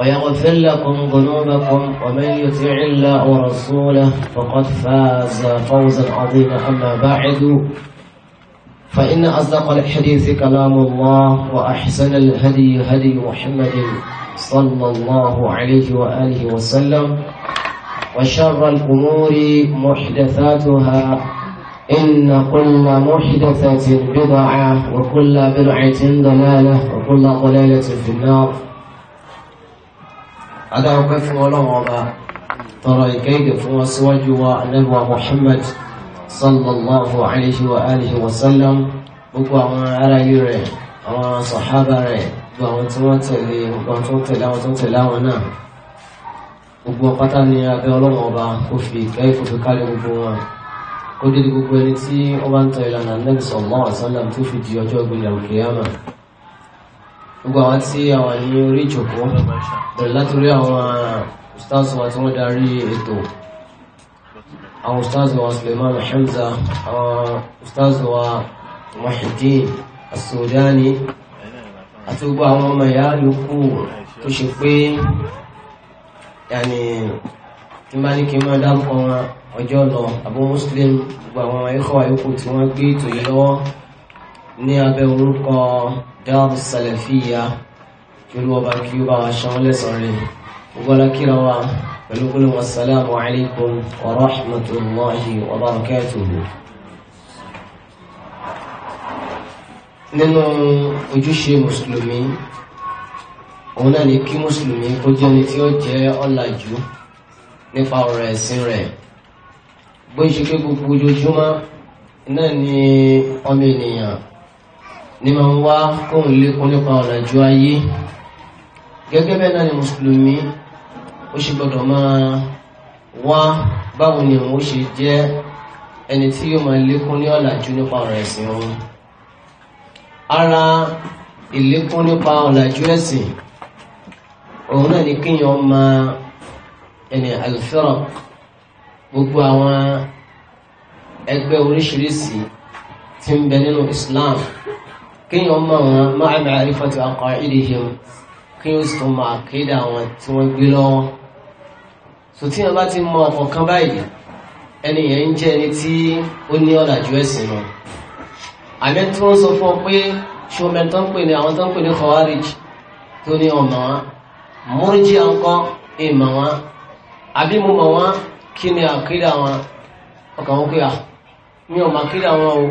ويغفر لكم ذنوبكم ومن يطع الله ورسوله فقد فاز فوزا عظيما اما بعد فان اصدق الحديث كلام الله واحسن الهدي هدي محمد صلى الله عليه واله وسلم وشر الامور محدثاتها ان كل محدثه بدعه وكل بدعه ضلاله وكل ضلاله في النار adáwọ̀pẹ́ fún ọlọ́run ọba tọrọ ìkẹ́yìnkẹ́ fún wọn síwájú wa anẹ́bùwa Muhammad sallallahu alayhi wa alihi wa sallam gbogbo àwọn ará yìí rẹ̀ àwọn sàhábà rẹ̀ gbogbo àwọn tí wọ́n tẹ̀lé gbogbo àwọn tó tẹ̀lé àwọn náà gbogbo pátá ni abẹ́ ọlọ́run ọba kò fi ìkẹ́yìn kò gbogbo wọn kó dé gbogbo àwọn tí àwọn ní orí ìjòkó bẹ̀rẹ̀ látòrí àwọn ustaz wa tí wọ́n darí ètò àwọn ustaz wa Suleiman Hamza àwọn ustaz wa Muhyiddin As-Sudani àti gbogbo àwọn ọmọ ìyá yòókù tó ṣe pé yàní tí bá ní kí n máa dárúkọ ọjọ́ lọ Abu Muslim gbogbo àwọn ikọ̀ yòókù tí wọ́n gbé ètò yìí lọ́wọ́ ní abẹ́ orúkọ dáàbò sàlẹ̀fíyà pẹ̀lú ọba kí ó bá wa ṣan lẹ́sàn rẹ̀ ọgbọ́lá kíra wa pẹ̀lú kúlù wasalaamu alaykum wa rahmatulahi wa barakatuhu. nínú ojúṣe mùsùlùmí òun náà ni kí mùsùlùmí kó jẹ́ ni tí ó jẹ́ ọ̀làjú nípa ọ̀rọ̀ ẹ̀sìn rẹ̀ bó ṣe pé gbogbo ojoojúmọ́ náà ni ọmọ ènìyàn Ni ma ń wá kóhùn lékún nípa ọ̀làjú ayé gẹ́gẹ́ bẹ́ẹ̀ náà ni mùsùlùmí ó ṣe gbọ́dọ̀ máa wá báwo ni òun ó ṣe jẹ́ ẹni tí yóò máa lékún ní ọ̀làjú nípa ọ̀rọ̀ ẹ̀sìn òun ara ìlékún nípa ọ̀làjú ẹ̀sìn òun náà ni kíyàn máa ẹni àlùfẹ́ràn gbogbo àwọn ẹgbẹ́ oríṣiríṣi tí ń bẹ nínú Islam kíyàn mọ̀ wọn máa ma'rifati aqaidihim kíyàn sì tún máa kéde àwọn tí wọ́n gbé lọ́wọ́ so tíyàn bá ti mọ ọ̀kan báyìí ẹni yẹn ń jẹ́ ẹni tí ó ní ọ̀làjú ẹ̀sìn lọ àmì tí wọ́n sọ fún ọ pé ṣọmọ tó ń pè ní àwọn tó ń pè ní khawarij tó ní ọmọ wọn múrjí àǹkọ ìmọ̀ wọn àbí mo mọ̀ wọn kí ni àkídà wọn ọkàn wọn pé mi ò mọ̀ àkídà wọn o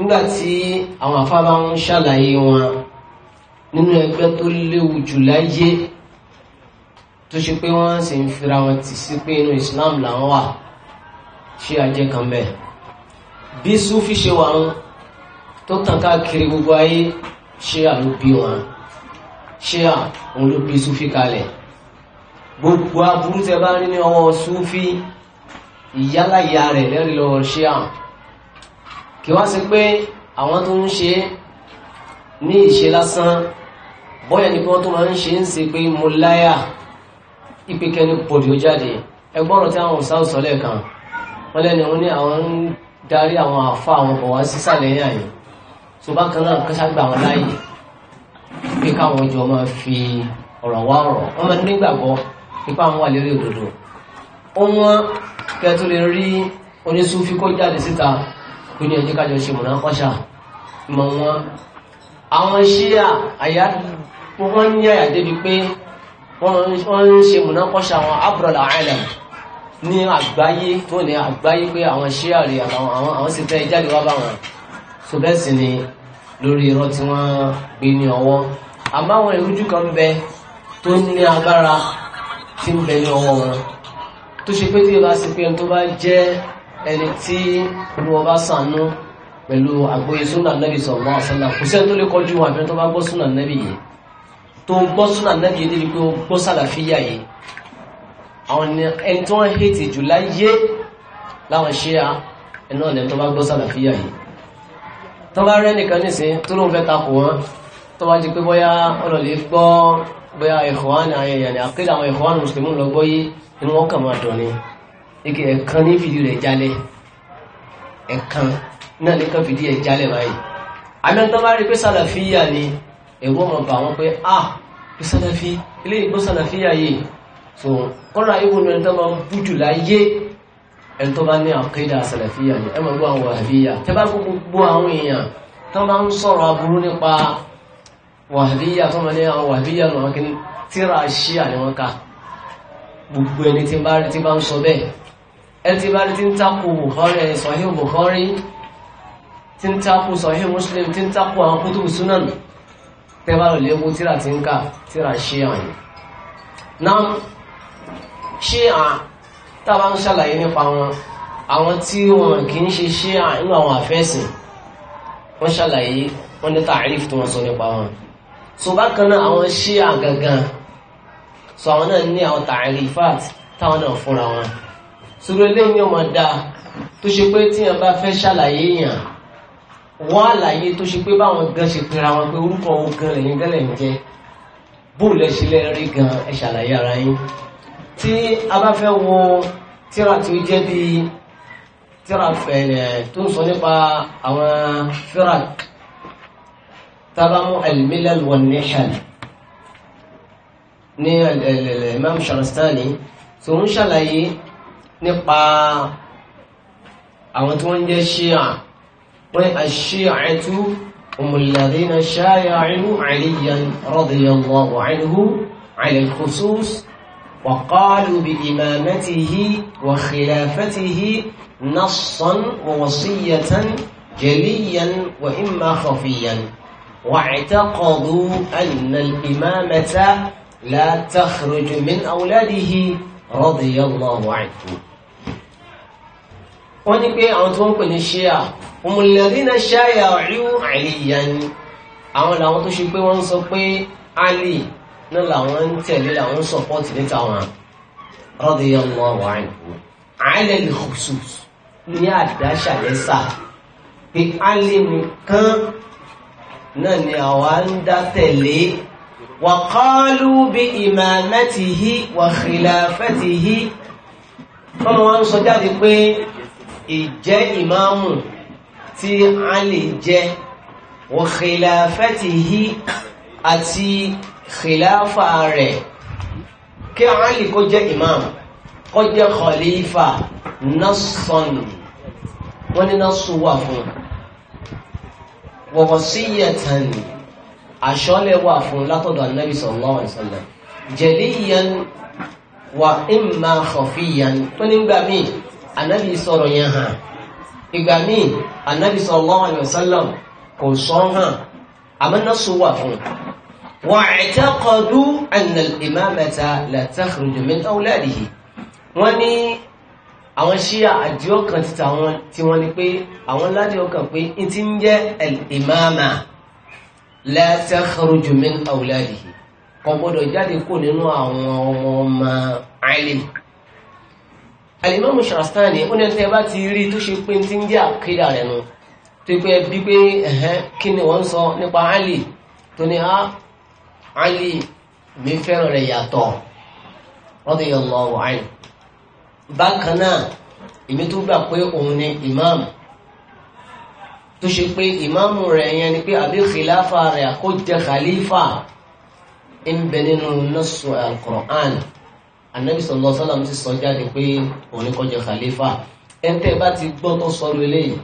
nígbàtí àwọn afábá ń ṣàlàyé wọn nínú ẹgbẹ́ tó léwu jù láyé tó ṣe pé wọ́n sì ń fira wọn tì sí pé inú Islam làwọn wà ṣé ajẹ́ kan bẹ́ẹ̀ bí Súfì ṣe wà ń tó tàn káàkiri gbogbo ayé ṣé àlóbí wọn ṣé à òun ló bí Súfì kalẹ̀ gbogbo aburú tẹ bá rí ní ọwọ́ Súfì ìyálàyà rẹ̀ lẹ́rìí lọ́wọ́ ṣé à kí wá sí pé àwọn tó ń ṣe ní ìṣe lásán bọ́yà ní kí wọ́n tó máa ń ṣe ń ṣe pé mo láyà ìpínkẹ́ ní pòdìó jáde ẹgbọ́n tí àwọn òsáwò sọ lẹ́ẹ̀kan wọ́n lẹ́nu wọn ní àwọn ń darí àwọn àfa àwọn ọkọ̀ wá sísàlẹ̀ yẹn àyè tó bá kan náà kọ́ṣá gbà wọn láàyè pé káwọn jọ máa fi ọ̀rọ̀ wá ọ̀rọ̀ wọ́n máa nígbàgbọ́ ipá wọn wà lérí òdodo ó wọ́n kẹ́ lè rí oníṣúfí kó jáde síta ó ní ẹjẹ́ kájọ ṣe mọ̀nà ọ̀ṣà mọ̀ wọn àwọn ṣíà àyà wọ́n ń yàyà débi pé wọ́n ń ṣe mọ̀nà ọ̀ṣà àwọn abúrọ̀là àìlẹ̀mù ní àgbáyé tó ní àgbáyé pé àwọn ṣíà rè àwọn sì fẹ́ jáde wá bá wọn tó bẹ́ẹ̀ sì ni lórí irọ́ tí wọ́n gbé ní ọwọ́ àmọ́ àwọn ìrújú kan bẹ tó ní agbára tí ń bẹ ní ọwọ́ wọn tó ṣe pé tí ìbá sí pé tó bá jẹ́ ẹni tí olúwa bá sànú pẹ̀lú àgbóyè súnà nẹ́bí sọ̀rọ̀ àṣálà kò sí ẹni tó lè kọjú wọn àbẹ́ni tó bá gbọ́ súnà nẹ́bí yìí tó gbọ́ súnà nẹ́bí yìí níbi pé ó gbọ́ sàlàfíà yìí àwọn ẹni tó ń hẹ́tì jù láyé láwọn ṣe à ẹnu ọ̀lẹ́ tó bá gbọ́ sàlàfíà yìí tó bá rẹ́ nìkan nìsín tó ló ń fẹ́ takò wọn tó bá jí pé bóyá ọlọ́lẹ̀ gbọ́ bóyá ìhùwánì àyẹ̀yẹ̀ àkéde àwọn ìhùwánì mùsùlùmí lọ gbọ́ yìí inú wọn kàn máa dùn ni ike ẹ̀kan ní fìdí rẹ̀ jalẹ̀ ẹ̀kan náà ní kan fìdí ẹ̀ jalẹ̀ báyìí àmì ẹ̀tọ́ bá rí pé sàlàfíà ni ẹ̀wọ́n mọ̀ bá wọn pé ah pé sàlàfí ilé ìgbó sàlàfíà yìí so kọ́ra ìwò ní ẹ̀tọ́ máa ń bújù láyé ẹ̀tọ́ bá ní àkídà sàlàfíà ni ẹ̀ máa gbọ́ àwọn wàhábíyà tẹ́ bá gbogbo àwọn èèyàn tó máa ń sọ̀rọ̀ aburú nípa wàhábíyà tó máa ní àwọn wàhábíyà náà kí tíra ṣíà ni wọ́n ka gbogbo ẹni tí bá ń sọ bẹ́ẹ̀ ẹni tí bá rí tí ń takò Bukhari sọ̀hí Bukhari tí ń takò sọ̀hí Muslim tí ń takò àwọn kútùbù sunan tẹ́bà rẹ̀ léwu tíra ti ń kà tíra ṣe àyè náà ṣe à tábà ń ṣàlàyé nípa wọn àwọn tí wọn kì í ṣe ṣe à nínú àwọn àfẹ́sìn wọ́n ṣàlàyé wọ́n ní tààrífù tí wọ́n sọ nípa wọn so bákan náà àwọn ṣe à gangan so àwọn náà ní àwọn tààrífàt táwọn náà fúnra wọn sọ̀rọ̀ eléyìí ni ọmọ da tó ṣe pé tíyàn bá fẹ́ ṣàlàyé yàn wọ́n àlàyé tó ṣe pé báwọn gan ṣe pera wọn pé orúkọ wọn gan lẹ́yìn gan lẹ́yìn jẹ́ bóòlù ẹṣin lẹ́rí gan ẹ ṣàlàyé ara yín tí a bá fẹ́ wo tíra tí jẹ́ bí tíra fẹ̀lẹ̀ tó ń sọ nípa àwọn firak tábàmù al-milal wan-nihal ní Imam Sharastani tó ń ṣàlàyé nípa àwọn tí wọ́n jẹ́ ṣíà wọ́n ni aṣíàtú ọmọlẹ́dínà ṣáyà inú àìlèyàn radiyallahu anhu ala al-khusus وقالوا بإمامته وخلافته نصا ووصية جليا وإما خفيا واعتقدوا أن الإمامة لا تخرج من أولاده رضي الله عنه wọ́n ní pé àwọn tó ń pè ní ṣíà ọmọlẹ́dínà ṣáyà ríú àìlèyà ni àwọn làwọn tó ṣe pé wọ́n ń sọ pé Ali náà làwọn ń tẹ̀lé làwọn ń sọ̀pọ́tì níta wọn radiyallahu anhu ala al-khusus ní àdáṣà lẹ́sà pé Ali nìkan náà ni àwa ń dá tẹ̀lé wa qalu bi imamatihi wa khilafatihi tọ́lọ́ wọn sọ jáde pé ìjẹ́ ìmáàmù tí Ali jẹ́ wa khilafatihi àti khilafa rẹ̀ kí Ali kó jẹ́ ìmáàmù kó jẹ́ khalifa nasan wọ́n ní nasu wà fún wa wasiyatan àṣọ́lẹ̀ wà fún látọ̀dọ̀ Ànábì sallallahu alaihi wasallam jaliyan wa imma tó nígbà míì anabi sọ̀rọ̀ yẹn hàn ìgbà míì anabi sallallahu alaihi wasallam kò sọ hàn amánásó wà fún wa i'taqadu anna al-imamata la takhruju min awladihi wọ́n ní àwọn ṣíyà àdíọ́ kan ti tàwọn tí wọ́n ní pé àwọn ládíọ́ kan pé in ti ń jẹ́ al-imama la takhruju kò gbọ́dọ̀ jáde kó nínú àwọn ọmọ ọmọ Ali alimami Shastani ó ní ẹni tẹ́ bá ti rí tó ṣe pé ti ń jẹ́ àkídà rẹ̀ nu tó pé bí pé ẹ̀hẹ́n kí ni wọ́n sọ nípa Ali tó ní á ah, Ali mi fẹ́ràn rẹ̀ yàtọ̀ radiyallahu anhu bákan náà èmi tó gbà pé òun ni imam tó ṣe pé ìmáàmù rẹ̀ yẹn ni pé àbí khilafa rẹ̀ kó jẹ́ khalifa ń bẹ nínú nasu al-Qur'an anabi sallallahu alaihi wasallam ti sọ jáde pé òun ni kó jẹ khalifa ẹntẹ bá ti gbọ́ tó sọ lu eléyìí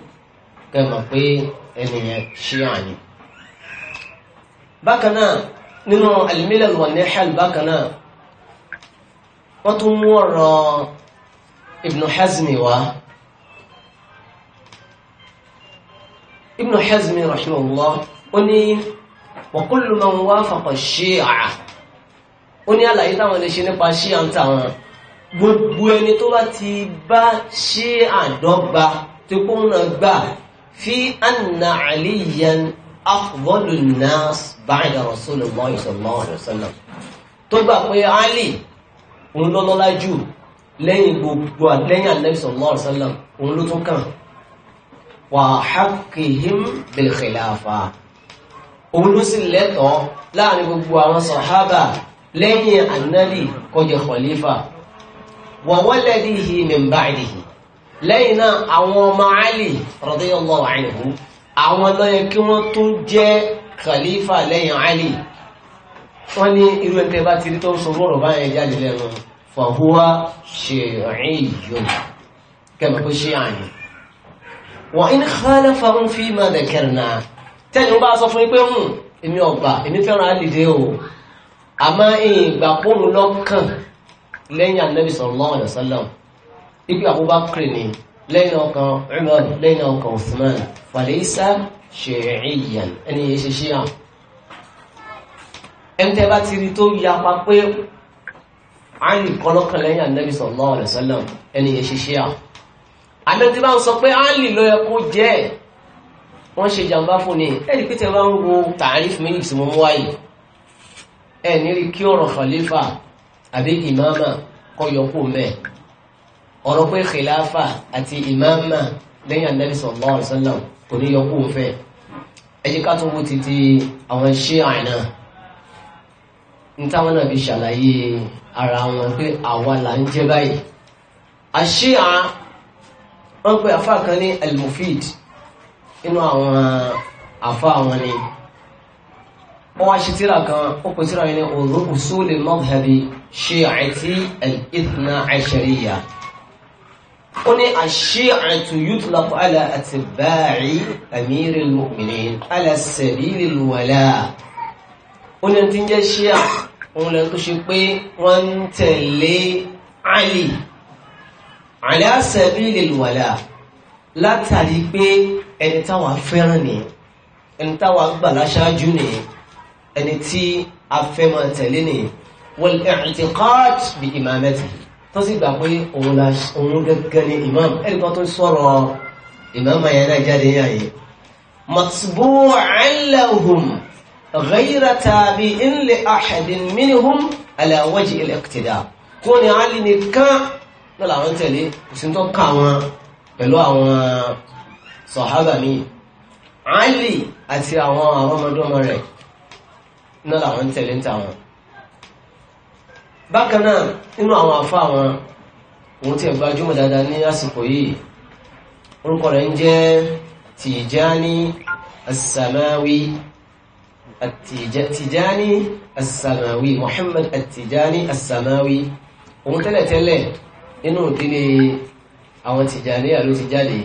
kẹ mọ̀ pé ẹnìyẹn ṣíà ni. bákan náà nínú al-milal wan-nihal bákan náà wọ́n tún mú ọ̀rọ̀ ibn hazmi wá. ibn hazmi rahimahullah ó ní wa kullu man wafaqa ash ó ní àlàyé táwọn lè ṣe nípa ṣí à ń tà wọn gbogbo ẹni tó bá ti bá ṣí àdọ́gba tó kó ń gbà fi anna aliyan afdalun nas ba'da rasulullah sallallahu alaihi wasallam tó gbà pé ali òun lọ́lọ́lá jù lẹ́yìn gbogbo àtẹ́yìn ànábì sallallahu alaihi wasallam òun ló tún kàn wà haqqihim bil khilafa òun ló sì lẹ́tọ̀ọ́ láàrin gbogbo àwọn sàhábà lẹ́yìn annabi kọjọ khalifa wà waladihi min ba'dihi lẹ́yìn náà àwọn ọmọ alì radiyallahu anhu àwọn lọ́yẹ kí wọ́n tó jẹ́ khalifa lẹ́yìn alì wọ́n ní irú ẹ̀kẹ́ bá ti rí tó ń sọ rọrọ̀ báyẹn jáde lẹ́nu fàhúwá ṣe àyè wọ́n in àmọ́ ìgbà pọ́nù lọ́kàn lẹ́yìn anabi sallallahu alaihi wasallam ibi Abubakar ni lẹ́yìn ọkàn Umar lẹ́yìn ọkàn Usman falaysa shi'iyyan ẹni yẹn ṣe ṣíà ẹnitẹ́ bá ti rí tó yapa pé àìrí kọlọ́kàn lẹ́yìn anabi sallallahu alaihi wasallam ẹni yẹn ṣe ṣíà àmẹ́tí bá ń sọ pé áàlì ṣe jàǹbá ẹ nírí kí ọ̀rọ̀ khalifa àbí ìmáàmà kọ́ yọkú mẹ́ ọ̀rọ̀ pé khilafa àti ìmáàmà lẹ́yìn anabi sallallahu alaihi wasallam kò ní yọkú fẹ́ ẹ jẹ́ ká tún wo títí àwọn Ṣíà náà ntáwọn náà fi ṣàlàyé ara wọn pé àwa là ń jẹ́ báyìí àṣíà wọn pe àfa kan ní al-Mufid inú àwọn àfa wọn ni. Awa, wọ́n wá ṣe tíra kan ó pè tíra yẹn ní usul madhhabi shi'ati al-ithna ashariya ó ní ash-shi'atu yutlaqu ala atba'i amiri al-mu'minin ala sabili al-wala ó ní tí ń jẹ́ ṣíà òun lẹ́nu tó ṣe pé wọ́n ń tẹ̀lé Ali ala sabili al látàrí pé ẹni táwa fẹ́ràn ni ẹni táwa gbà láṣáájú ẹni tí a fẹ́ máa tẹ̀lé nìyí wal i'tiqad bi imamatihi tó sì gbà pé òun gẹ́gẹ́ ni imam ẹni kan tó sọ̀rọ̀ imam ayẹyẹ náà jáde yà yìí matbu'an lahum ghayra tabi'in li ahadin minhum ala wajhi al a lè nìkan lọ́la àwọn tẹ̀lé òsì tó ká wọn pẹ̀lú àwọn sọ̀hábà mi àti àwọn àwọn ọmọdé ọmọ rẹ̀ náà làwọn ń tẹ̀lé ń ta wọn bákan náà nínú àwọn afá wọn òun ti gbajúmọ̀ dáadáa ní àsìkò yìí orúkọ rẹ̀ ń jẹ́ Tìjáni As-Samawi Tìjáni As-Samawi Muhammad Tìjáni As-Samawi òun tẹ́lẹ̀tẹ́lẹ̀ nínú ìdílé àwọn Tìjáníyà ló ti jáde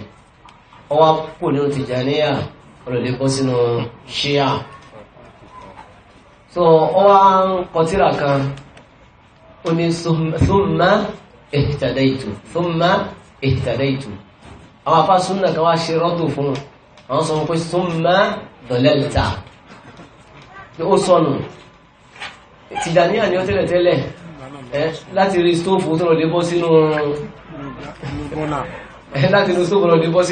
ọwọ́ kò nínú Tìjáníyà ọlọ́lẹ́kọ́ sínú ṣíà so ó wá ń kọtíra summa ó ní thumma ihtadaitu thumma ihtadaitu àwọn afá súnà kan wá ṣe rọ́dù fún un summa sọ pé thumma dalalta pé ó sọnù tìjàníyà ni ó tẹ́lẹ̀tẹ́lẹ̀ láti rí stóòfù tó lọ lè bọ́ sínú láti rí stóòfù lọ lè bọ́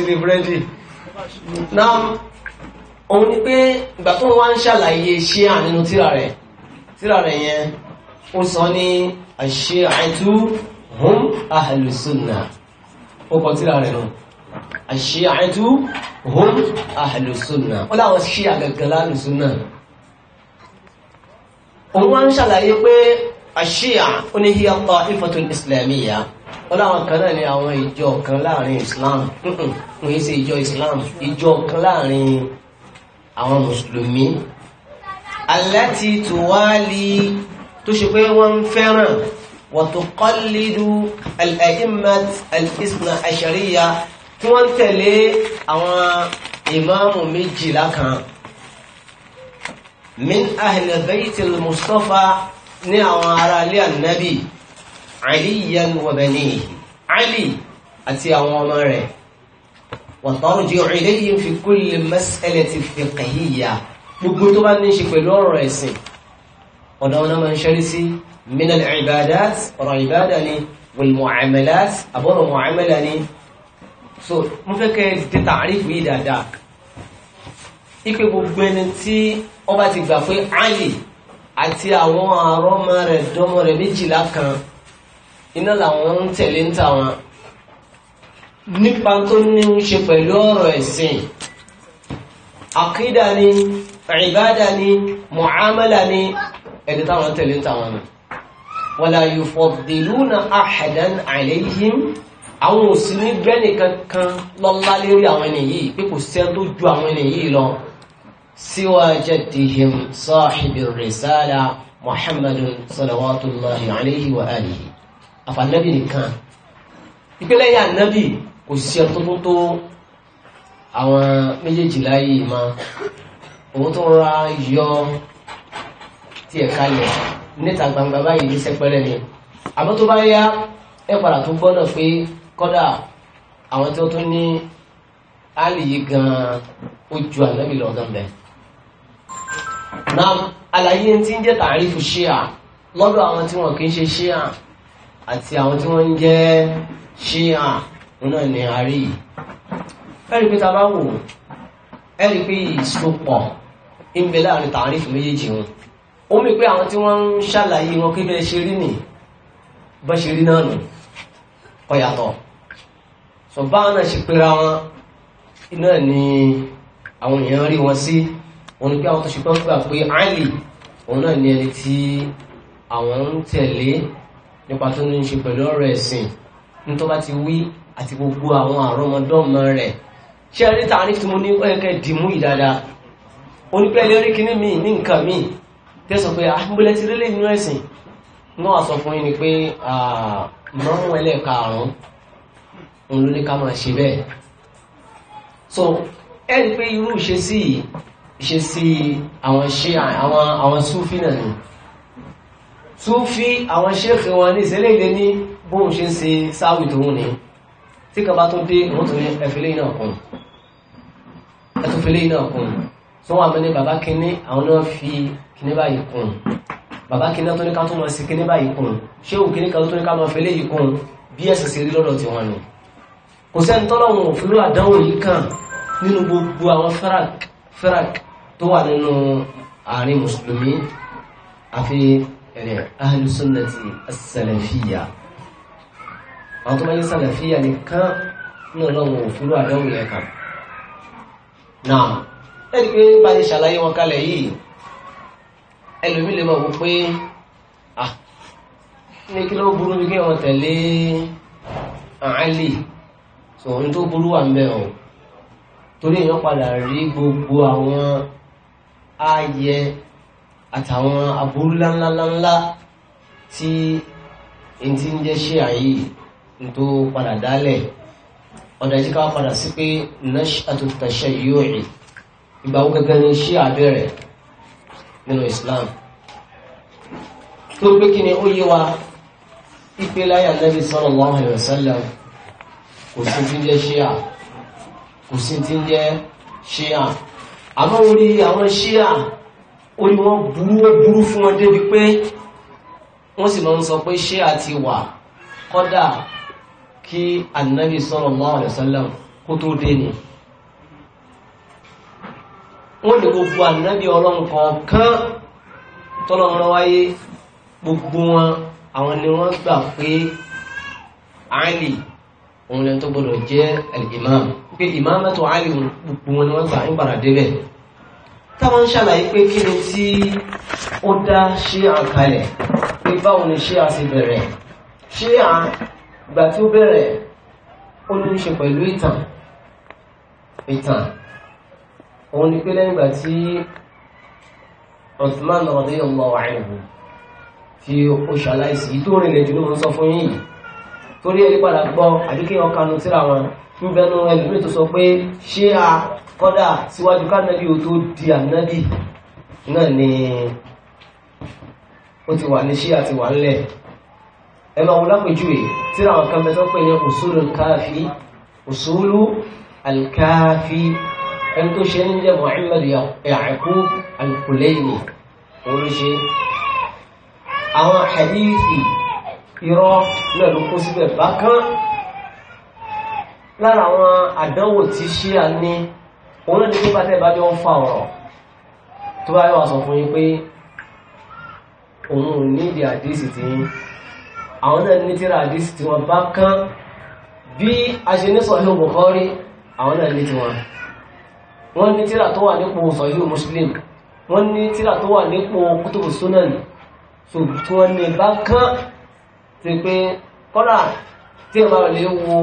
òun ni pé ìgbà tó wá ń ṣàlàyé ṣíà nínú tíra rẹ̀ tíra rẹ̀ yẹn ó sọ ní aṣ-ṣīʿatu hum ahlu sunnah ó kọ tíra rẹ̀ nù aṣ-ṣīʿatu hum ahlu sunnah ó láwọn ṣíà gẹ̀gẹ̀ láàlù sunnah òun wá ń ṣàlàyé pé aṣíà ó ní hiya ta'ifatul islamiyya ọláwọn kan náà ni àwọn ìjọ kan láàrin islam kò yí sí ìjọ islam ìjọ kan láàrin àwọn mùsùlùmí aláti tùwálì tó ṣe pé wọ́n fẹ́ràn wọ̀tùkọ́lìdù al'aimat al'isna ashariya tí wọ́n tẹ̀lé àwọn imamu méjìlá kan min ahli baitil mustafa ní àwọn ará alẹ́ annabi aliyan wa banihi ali àti àwọn ọmọ rẹ̀ وترجع إليهم في كل مسألة فقهية gbogbo tó bá ní ṣe pẹ̀lú ọ̀rọ̀ ẹ̀sìn ọ̀dọ̀ ọ̀nà máa ń ṣẹ́rí sí min al-ibadat ọ̀rọ̀ ìbádà ni wal mu'amalat àbọ̀rọ̀ mu'amala ni so mo fẹ́ kẹ́ ti tààrífù yìí dáadáa ipe gbogbo ẹni tí ó bá ti gbà pé Ali àti àwọn àrọ́mọ rẹ̀ dọ́mọ rẹ̀ méjìlá kan iná làwọn ń tẹ̀lé ń tà wọn nípa tó ní ń ṣe pẹ̀lú ọ̀rọ̀ ẹ̀sìn àkídà ni ìbádà ni mùámálà ni ẹni táwọn tẹ̀lé táwọn nù wala yufaddiluna ahadan alayhim àwọn òsì ní bẹ́ẹ̀nì kankan lọ́lá lérí àwọn ẹni yìí pé kò sẹ́ tó ìpínlẹ̀ yà nàbì kò sí ẹni tó tún tó àwọn méjèèjì láyé mọ́ òun tó ra yọ tiẹ̀ kalẹ̀ níta gbangba báyìí ní sẹ́pẹ́rẹ́ ni àmọ́ tó bá yá ẹ padà tó gbọ́dọ̀ pé kọ́dà àwọn tó tún ní áàlì yìí gan-an ó ju ànábì lọ gan bẹ́ẹ̀. náà àlàyé ti ń jẹ́ tàrífù ṣíà lọ́dọ̀ àwọn tí wọ́n kì í ṣe ṣíà àti àwọn tí wọ́n ń jẹ́ ṣíà òun ni a rí yìí ẹ̀rí pé ta bá wò ẹ̀rí pé ìsopọ̀ ń bẹ láàrin tààrífù méjèèjì wọn ó mì pé àwọn tí wọ́n ń ṣàlàyé wọn kí bẹ́ẹ̀ ṣe rí nì bọ́ ṣe rí náà nù kò yàtọ̀ sọ báwọn náà ṣe wọn iná ni àwọn èèyàn rí wọn sí òun pé àwọn tó ṣe pẹ́ pé áìlì òun náà ni ẹni tí àwọn ń tẹ̀lé nípa tó ní ṣe pẹ̀lú ọ̀rọ̀ ẹ̀sìn ní tó bá ti wí àti gbogbo àwọn àrọmọdọ́mọ rẹ̀ ṣé ẹ rí tààrí tí mo ní ẹ̀kẹ́ dìmú ìdáadáa onípẹ́lẹ́ rí kíní mi ní nǹkan mi tẹ́sán pé àbúlẹ̀ ti rélé inú ẹ̀sìn náà wà sọ fún yín ni pé mọ́rún ẹlẹ́ẹ̀ka àrùn òun ló ní ká máa ṣe bẹ́ẹ̀ so ẹ rí pé irú ìṣesí yìí ṣe sí àwọn ṣe àwọn súfí náà ni súfí àwọn ṣéèkì wọn ní ìṣẹ́lẹ̀ ilé ní bóun ṣe ń ṣe sáwì tóun ni tí kàbá tó dé wọ́n tún ní ẹ̀fílẹ̀ iná ọ̀kùn ẹ̀túnfílẹ̀ iná ọ̀kùn tó wà mẹ́ni bàbá kíní àwọn náà fi kíní báyìí kùn bàbá kíní tó ní ká tó máa sí kíní báyìí kùn ṣé òun kíní kan tó ní ká máa fẹ́lẹ̀ yìí kùn bí ẹ̀sìn sí rí lọ́dọ̀ tí wọ́n nù kò sẹ́ni tọ́lọ́hún òfin àdánwò yìí kàn nínú gbogbo àwọn fẹ́ràk fẹ́ràk tó wà nínú àárín mùsùlùmí àfi ẹ̀rẹ̀ ahlùsùnnàtì as-salafiyya àwọn tó máa ń sàlàfíà nìkan ní ọlọ́run òfúrú àdáwò yẹn kàn náà ẹni pé bá ti ṣàlàyé ah ní kí ló burú bí kí wọn tẹ̀lé àálì sòun tó burú wà ń bẹ̀ ọ́ torí èèyàn padà rí gbogbo àwọn ààyè tó padà dálẹ̀ ọ̀dà yìí ká padà sí pé nash'atu tashayyu'i ìgbà wo gẹ́gẹ́ ní ṣí àbẹ̀rẹ̀ nínú Islam tó gbé kí ni ó yé wa ipe láyà Nabi sallallahu alaihi wasallam kò sí ti ń jẹ́ ṣíà kò sí ti ń jẹ́ ṣíà àmọ́ orí àwọn ṣíà orí wọn burú burú fún wọn débi pé wọ́n sì lọ ń sọ pé ṣíà ti wà kọ́dà kí annabi sallallahu alaihi wasallam kó tó dé ni wọ́n lè gbogbo annabi ọlọ́run kọ̀ọ̀kan tọ́lọ́run wáyé gbogbo wọn àwọn ni wọ́n gbà pé Ali òun lẹ́nu tó gbọdọ̀ jẹ́ al-imam pé imamatu Ali gbogbo wọn ni wọ́n gbà ń débẹ̀ táwọn ṣàlàyé pé kí ni tí ó dá ṣé àkàlẹ̀ pé báwo ni ṣé a ti bẹ̀rẹ̀ ṣé a ìgbà tí ó bẹ̀rẹ̀ ó ní í ṣe pẹ̀lú ìtàn ìtàn òun ni pé lẹ́yìn ìgbà tí Uthman radiyallahu anhu tí ó ṣàláìsí yìí tó rìnlẹ̀ jù ló ń sọ fún yín yìí torí ẹni padà gbọ́ àdíkẹ́ ọkànú tíra wọn níbẹ̀nu ẹlùmí tó sọ pé ṣé a kọ́dà síwájú kánàbí o tó di ànábì náà ni ó ti wà ní ṣé àti wà ńlẹ̀ ẹnu àwọn lápèjúwe tí àwọn kan bẹ tó pè ní usulu káfí usulu alkáfí ẹni tó ṣe ní jẹ́ Muhammad Yaqub al-Kulayni oríṣi àwọn hadithi irọ́ náà ló kó síbẹ̀ bákan lára àwọn àdánwò tí ṣíà ní òun náà ní pípa tẹ́ bá ń fa ọ̀rọ̀ tó bá yọ wà fún yín pé òun ò ní ìdí àdéhìsì tí yín àwọn náà ní tíra àdísì tí wọ́n bá kán bí a ṣe ní sọ̀hí Bukhari àwọn náà ní tiwọn wọ́n ní tíra tó wà nípò sọ̀hí Muslim wọ́n ní tíra tó wà nípò kútùbù sunan so tí wọ́n ní bá kán ti pé kọ́lá tí ìmọ̀ rẹ̀ lè wo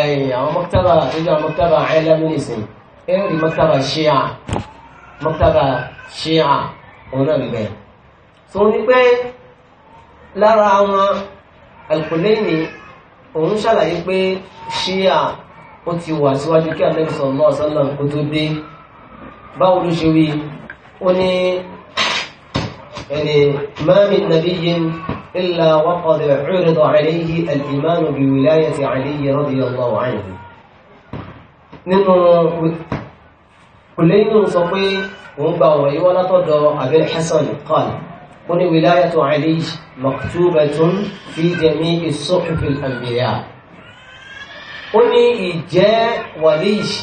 ẹ̀yìn àwọn mọ́kítàbà tó jẹ́ mọ́kítàbà ẹlẹ́mìnísìn ẹ̀rí mọ́kítàbà ṣíà mọ́kítàbà ṣíà òun náà ń bẹ̀ so ní pé lára wọn alkùnléèmì òun ṣàlàyé pé ṣíà ó ti wà síwájú kí Ànábì sallallahu alaihi wasallam kó tó dé báwo ló ṣe wí ó ní ẹni ma min nabiyyin illa waqad urida alayhi al-iman bi wilayati Ali radiyallahu anhu nínú kùnléèmì sọ pé òun gba ọ̀rọ̀ yìí wá látọ̀dọ̀ Abil Hasan qala wọ́n ní wilayatu Ali maktubatun fi jami'i suhufil anbiya ó ní ìjẹ́ wàlíyì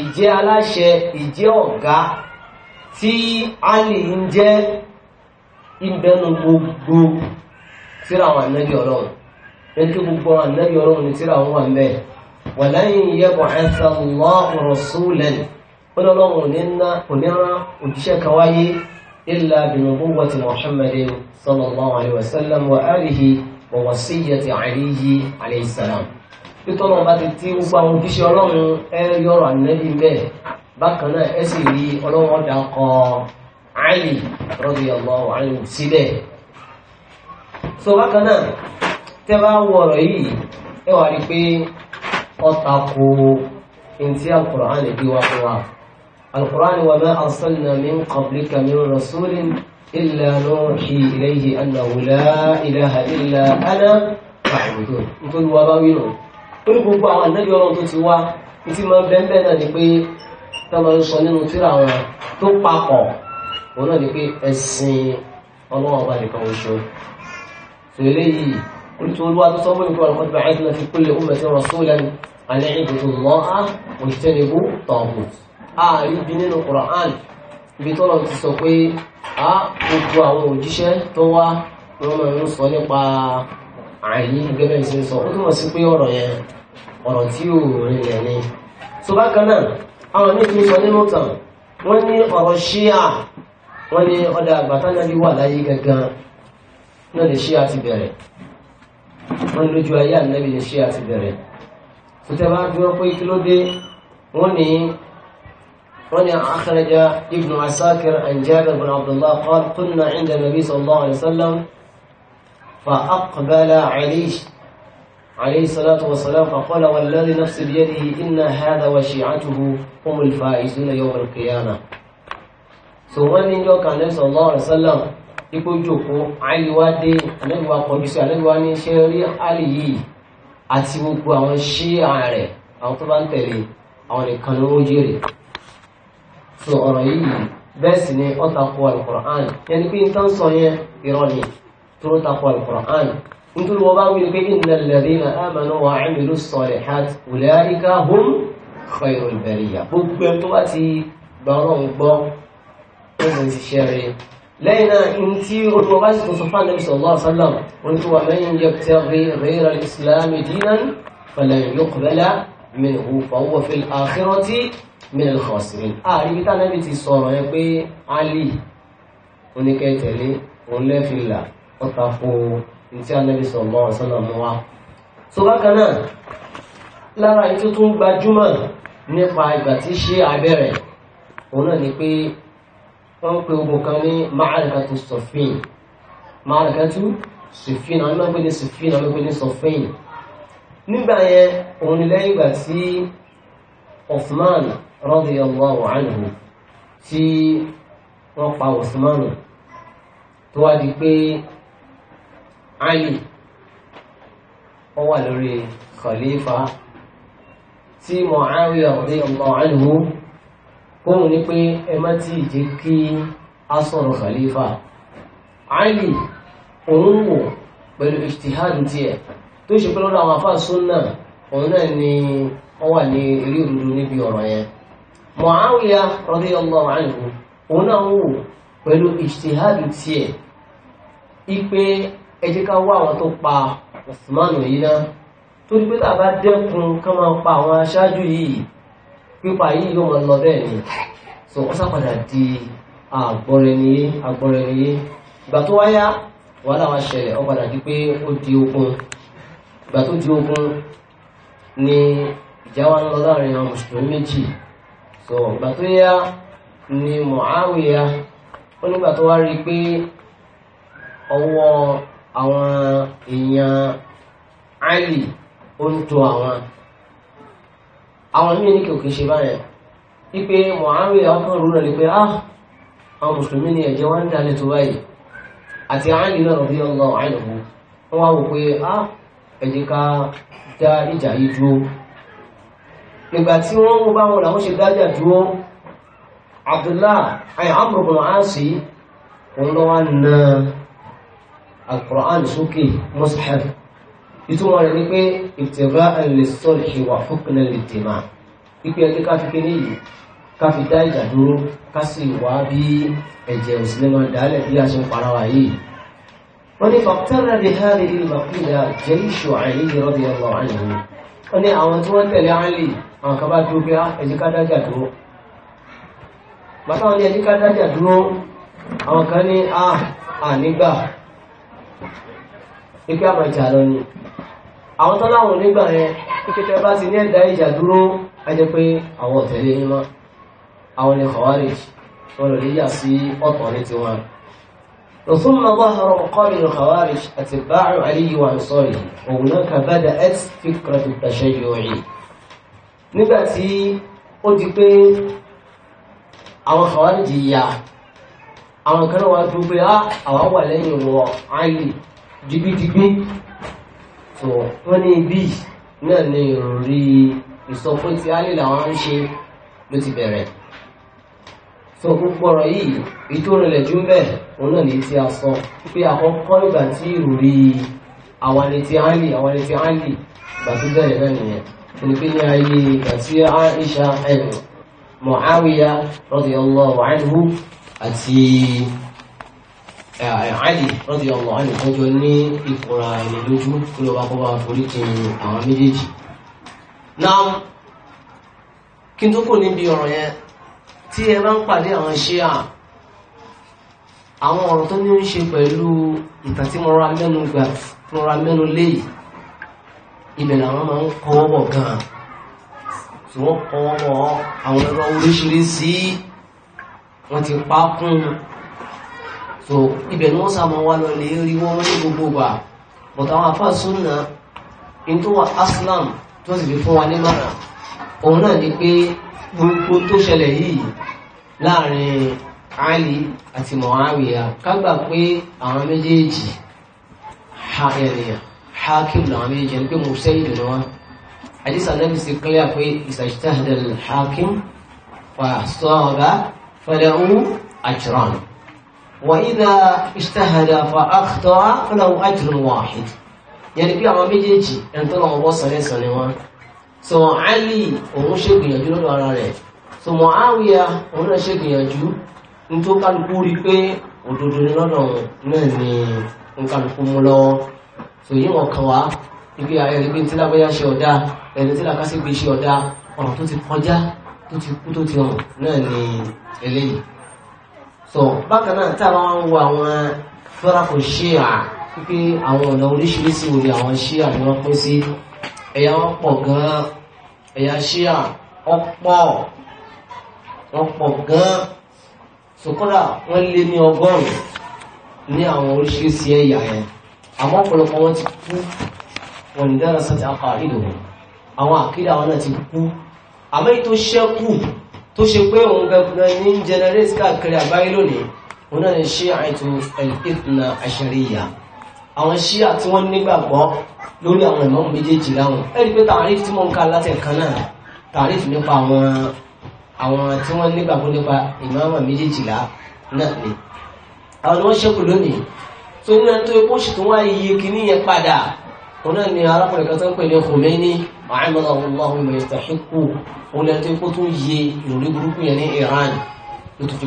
ìjẹ́ aláṣẹ ìjẹ́ ọ̀gá tí Ali ń jẹ́ ìbẹnu gbogbo tíra àwọn ànábì ọlọ́run lẹ́tí gbogbo àwọn ànábì ọlọ́run ní tíra àwọn àmẹ́ wà lẹ́yìn yẹ́bọ̀ ẹ̀sẹ̀ wọ́n rọ̀ sólẹ̀ ó lọ́lọ́run ò ní rán إلا بنبوة محمد صلى الله عليه وسلم وآله ووصية علي عليه السلام nítorọ̀ bá ti tí gbogbo àwọn òjíṣẹ́ ọlọ́run ẹ yọrọ̀ ànẹ́bí bẹ́ẹ̀ bákan náà ẹ sì rí ọlọ́run ọ̀dà kọ Ali radiyallahu anhu síbẹ̀. so bákan náà tẹ́ bá wọ ọ̀rọ̀ yìí ẹ wà rí pé ó tako ntí Al-Qur'an ànẹ́bí wa fún wa. القرآن وما أرسلنا من قبلك من رسول إلا نوحي إليه أنه لا إله إلا أنا فاعبدون nítorí wa bá wínú ó ní gbogbo àwọn ànábì ọlọ́run tó ti wá tí máa bẹ́ẹ̀ bẹ́ẹ̀ náà ni pé tá a máa ń sọ nínú tírà wọn tó papọ̀ òun náà ni pé ẹ̀sìn ọlọ́run ọba nìkan oṣù tó eléyìí olùtúwọ́lú wa tó sọ fún ìfọwọ́ ọ̀rọ̀ bàá ẹ̀dínlẹ̀ fi kulli ummatin rasulan an i'budu Allaha wajtanibu at-taghut àríbi nínú Qur'an ibi tọ́lọ̀ ti sọ pé a gbogbo àwọn òjíṣẹ́ tó wá wọn máa ń sọ nípa àyín gẹ́gẹ́ bí ṣe ń sọ ó túmọ̀ sí pé ọ̀rọ̀ yẹn ọ̀rọ̀ tí ò rinlẹ̀ ni. tó bá kan náà àwọn míì ti sọ nínú tàn wọ́n ní ọ̀rọ̀ ṣíà wọ́n ní ọ̀dà àgbàtánàbí wà láyé gangan náà lè ṣíà ti bẹ̀rẹ̀ wọ́n lójú ayé ànábì lè ṣíà ti bẹ̀rẹ̀ tó tẹ́ bá bí pé kí ló dé wọ́n ní رني أخرج ابن عساكر عن جابر بن عبد الله قال قلنا عند النبي صلى الله عليه وسلم فأقبل علي عليه الصلاة والسلام فقال والذي نفس بيده إن هذا وشيعته هم الفائزون يوم القيامة سوان نجو كان النبي صلى الله عليه وسلم يقول جوكو علي وادي النبي وقبسي النبي واني شيري علي أتي وقوة وشيعة أو طبعا تلي أو نكالوجيري sọ ọ̀rọ̀ yìí bẹ́ẹ̀ sì ni ó takò alukur'an yẹn pé nǹkan sọ yẹn irọ́ ni tó takò alukur'an nítorí wọ́n bá wí pé innal ladhina amanu wa amilu salihat ulaika hum khairul bariya gbogbo ẹ̀ tó bá ti gba ọlọ́run gbọ́ ó ń ṣiṣẹ́ rẹ̀ lẹ́yìn náà in olùkọ́ bá sì tó sọ fún àdébísọ̀ allah sallam wọn tó wà lẹ́yìn yẹ tẹ́ rí ghayra al-islam dinan falan yuqbala minhu fa huwa fil akhirati minal khasirin àríbí tánàbí ti sọ̀rọ̀ yẹn pé ali oníkẹ́tẹ̀lé òun lẹ́fìlà ọ̀tà fo ntí anábì sallallahu alaihi wasallam wa. tó bákan náà lára ètò tó ń gbajúmọ̀ nípa ìgbà tí ṣe abẹ́rẹ̀ òun náà ni pé wọ́n ń pe ogun kan ní ma'arakatu sọ̀fìn ma'arakatu sọ̀fìn àwọn ọmọ ìpínlẹ̀ sọ̀fìn àwọn ìpínlẹ̀ sọ̀fìn nígbà yẹn òun ni lẹ́yìn ìgbà tí Osman radiyallahu anhu tí wọ́n pa Usmanu tó wá di pé Ali wọ́n wà lórí khalifa tí Muawiya radiyallahu anhu kóhun ní pé ẹ má tí ì jẹ́ kí a sọ̀rọ̀ khalifa Ali òun wò pẹ̀lú ijtihad tiẹ̀ tó ṣe pé lọ́dọ̀ àwọn afáàsùn náà òun náà ni wọ́n wà ní eré òdodo níbi ọ̀rọ̀ yẹn. Muawiya radiyallahu anhu òun náà wò pẹ̀lú ìṣtihádù tiẹ̀ ipe ẹjẹ́ ká wá àwọn tó pa Usman yìí náà torí pé tàbá dẹ́kun ká máa pa àwọn aṣáájú yìí pípa yìí yóò máa lọ bẹ́ẹ̀ ni so wọ́n sápadà di àgbọ̀rẹ̀niyé àgbọ̀rẹ̀niyé ìgbà tó wáyá wàhálà wa ṣẹlẹ̀ ó padà di pé ó di ogun ìgbà tó di ogun ni ìjà ń lọ láàrin àwọn mùsùlùmí méjì so ìgbà tó yá ni Muawiya ó nígbà tó wá rí i pé ọwọ́ àwọn èèyàn Ali ó ń to àwọn àwọn míì ní kí òkè ṣe báyẹn wípé Muawiya ọkàn rúra ni pé ah àwọn mùsùlùmí ni ẹ̀jẹ̀ wọn ń dalẹ̀ tó báyìí àti Ali náà rọ̀bí ọlọ́ọ̀ àìlùmọ́ wọ́n wá wò pé ah ẹ̀jẹ̀ ká dá ìjà yìí dúró ìgbà tí wọ́n mú báwọn làwọn ṣe dájà dúró abdullahi ayin amurukun ansi òun lọ́wọ́ na alkùrán sókè mushaf ìtumọ̀ rẹ̀ ní pé ìtẹ̀rá ẹ̀lẹ́ sọ́ọ̀lì wà fúnkìnà lè tèmà ipe ẹ̀kẹ́ ká fi kéne yìí ká fi dá ìjà dúró ká sì wá bí ẹ̀jẹ̀ òsìlẹ́mà dálẹ̀ bí a ṣe ń para wa yìí wọ́n ní fàkítàrà lè ha lè rí màkúlẹ̀ jẹ́ ìṣọ̀ àìlè rọ́bì ọlọ́ àìlè wọ́n ní àwọn tí wọ́n tẹ̀lé àwọn kan bá dúró pé ah, ẹjí ká dájà dúró bàtà wọn ní ẹjí ká dájà dúró àwọn kan ní ah, a ànígbà ike àmọ̀ ìjà lọ ni àwọn tó láwọn onígbà yẹn kíkẹtẹ bá ti ní ẹ̀dá ìjà dúró ajẹ́ pé àwọn ọ̀tẹ̀lé yín mọ́ àwọn ni khawarij wọn lò lè yà sí ọ̀tọ̀ ní tiwọn ثم ظهر مقابل الخوارج أتباع علي وأنصاره وهناك بدأت فكرة التشيع nígbàtí ó di pé àwọn kàwáríjì ya àwọn kan wá tó pé ah, àwọn wà lẹ́yìn wọ ààyè digbidigbi tó wọ́n ní ibi náà ní ìròrí ìsọfún ti alẹ́ làwọn ń ṣe ló ti bẹ̀rẹ̀ tó gbogbo ọ̀rọ̀ yìí èyí tó rìnlẹ̀ jù ń bẹ̀ òun náà ní ti a sọ pé àkọ́kọ́ ìgbà tí ìròrí àwọn ẹni tí a àwọn ẹni tí a ìgbà tó bẹ̀rẹ̀ náà nìyẹn ẹnìpé ní ayé àti Aisha ẹnu Muawiya radiyallahu anhu àti Ali radiyallahu anhu tọ́jọ́ ní ìfura ẹni lójú kí ló bá kọ́ bá forí kí àwọn méjèèjì. náà kí n tó kò níbi ọ̀rọ̀ yẹn tí ẹ bá ń pàdé àwọn ṣíà àwọn ọ̀rọ̀ tó ní ń ṣe pẹ̀lú ìtàn tí mẹ́nu gbà tí mẹ́nu léyìí ibẹ̀ làwọn máa ń kọ́wọ́ bọ̀ gan-an tí wọ́n kọ́wọ́ àwọn ẹ̀rọ oríṣiríṣi wọ́n ti pa kún so ibẹ̀ ni wọ́n sábà wà lọ lè rí wọ́n ní gbogbo gbà but àwọn afáàsùn náà tó wà aslam tó sì fi fún wa ní òun náà ni pé gbogbo tó ṣẹlẹ̀ yìí láàrin Ali àti Muawiya ká gbà pé àwọn méjèèjì ha ẹ̀rìyàn hakim làwọn méjèèjì ẹni pé mo ṣe ìdùn ni wọn àdìsá náà sì kílẹ̀ pé ìṣàṣìtàdà hakim wà sọ ọ̀gá fẹlẹ̀ ń àjùrán wà ìdá ìṣàṣìtàdà fà ákùtọ̀ fẹlẹ̀ ń àjùrán wàhid yẹni pé àwọn méjèèjì ẹni tó lọ́wọ́ sọ̀rẹ́ sọ̀rẹ́ wọn so ali òun ṣe gbìyànjú lọ́dọ̀ ara rẹ̀ so Muawiya òun náà ṣe gbìyànjú nítorí kálukú rí pé òdodo ni lọ́dọ̀ náà ni nkálukú mú lọ́wọ́ so yí wọn kàn wá ibi ààrẹ ibi tí lágbáyà ṣe ọ̀dá ẹni tí làkásí gbé ṣe ọ̀dá ọ̀rọ̀ tó ti kọjá tó ti kú tó ti hàn náà ni eléyìí so bákan náà tá a máa ń wo àwọn fẹ́ràkù ṣíà pípé àwọn ọ̀nà oríṣiríṣi wo ni àwọn ṣíà ni wọ́n pín sí ẹ̀yà wọn pọ̀ gan-an ẹ̀yà ṣíà wọ́n pọ̀ wọ́n pọ̀ gan-an so kódà wọ́n lé ní ọgọ́rùn-ún ní àwọn oríṣiríṣi ẹ̀yà yẹn àmọ́ ọ̀pọ̀lọpọ̀ wọn ti kú wọn ní dára sọ́tì apá ìlú rẹ̀ àwọn àkídà wọn náà ti kú àmọ́ èyí tó ṣẹ́kù tó ṣe pé òun gbẹ̀gbẹ̀ ní generate káàkiri àgbáyé lónìí òun náà ní ṣí àìtò ẹ̀lẹ́tìnà àṣẹríyà àwọn ṣíà tí wọ́n nígbàgbọ́ lórí àwọn ìmọ̀ méjèèjì láwọn ẹ̀rí pé tààríf tí mo ń ka látẹ̀kan náà tààríf nípa àwọn tí wọ́n nígbàgbọ́ nípa ìmọ̀ méjèèjìlá náà ni àwọn ni wọ́n ṣẹ́kù lónìí tó ní ẹni tó epo sì tó wá iye kìíní yẹn padà òun náà ni arákùnrin kan tó ń pè ní Khomeini muhammed abdullahi mẹsàkíkù òun lẹni tó epo tó yẹ ìròrí ní Iran ló tó fi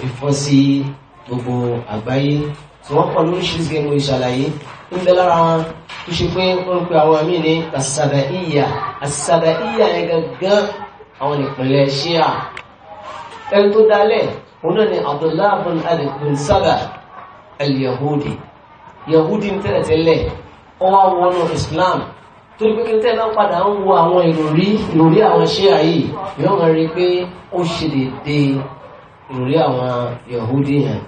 fi fọ́n sí gbogbo àgbáyé tí wọ́n pọ̀ lóríṣiríṣi ẹnu ìṣàlàyé ń bẹ lára wọn tó ṣe pé wọ́n pe àwọn míì ní asàbẹ̀íyà asàbẹ̀íyà yẹn gangan àwọn ìpínlẹ̀ ṣíà ẹni tó dálẹ̀ òun náà ni abdullahi bin Saba al-yahudi yahudi ń tẹ́lẹ̀ tẹ́lẹ̀ wọ́n wá wọnú islam torí pé kí n tẹ́ bá padà ń wo àwọn ìròrí ìròrí àwọn ṣíà yìí yóò máa rí i pé ó ṣe dédé ìròrí àwọn yahudi yẹn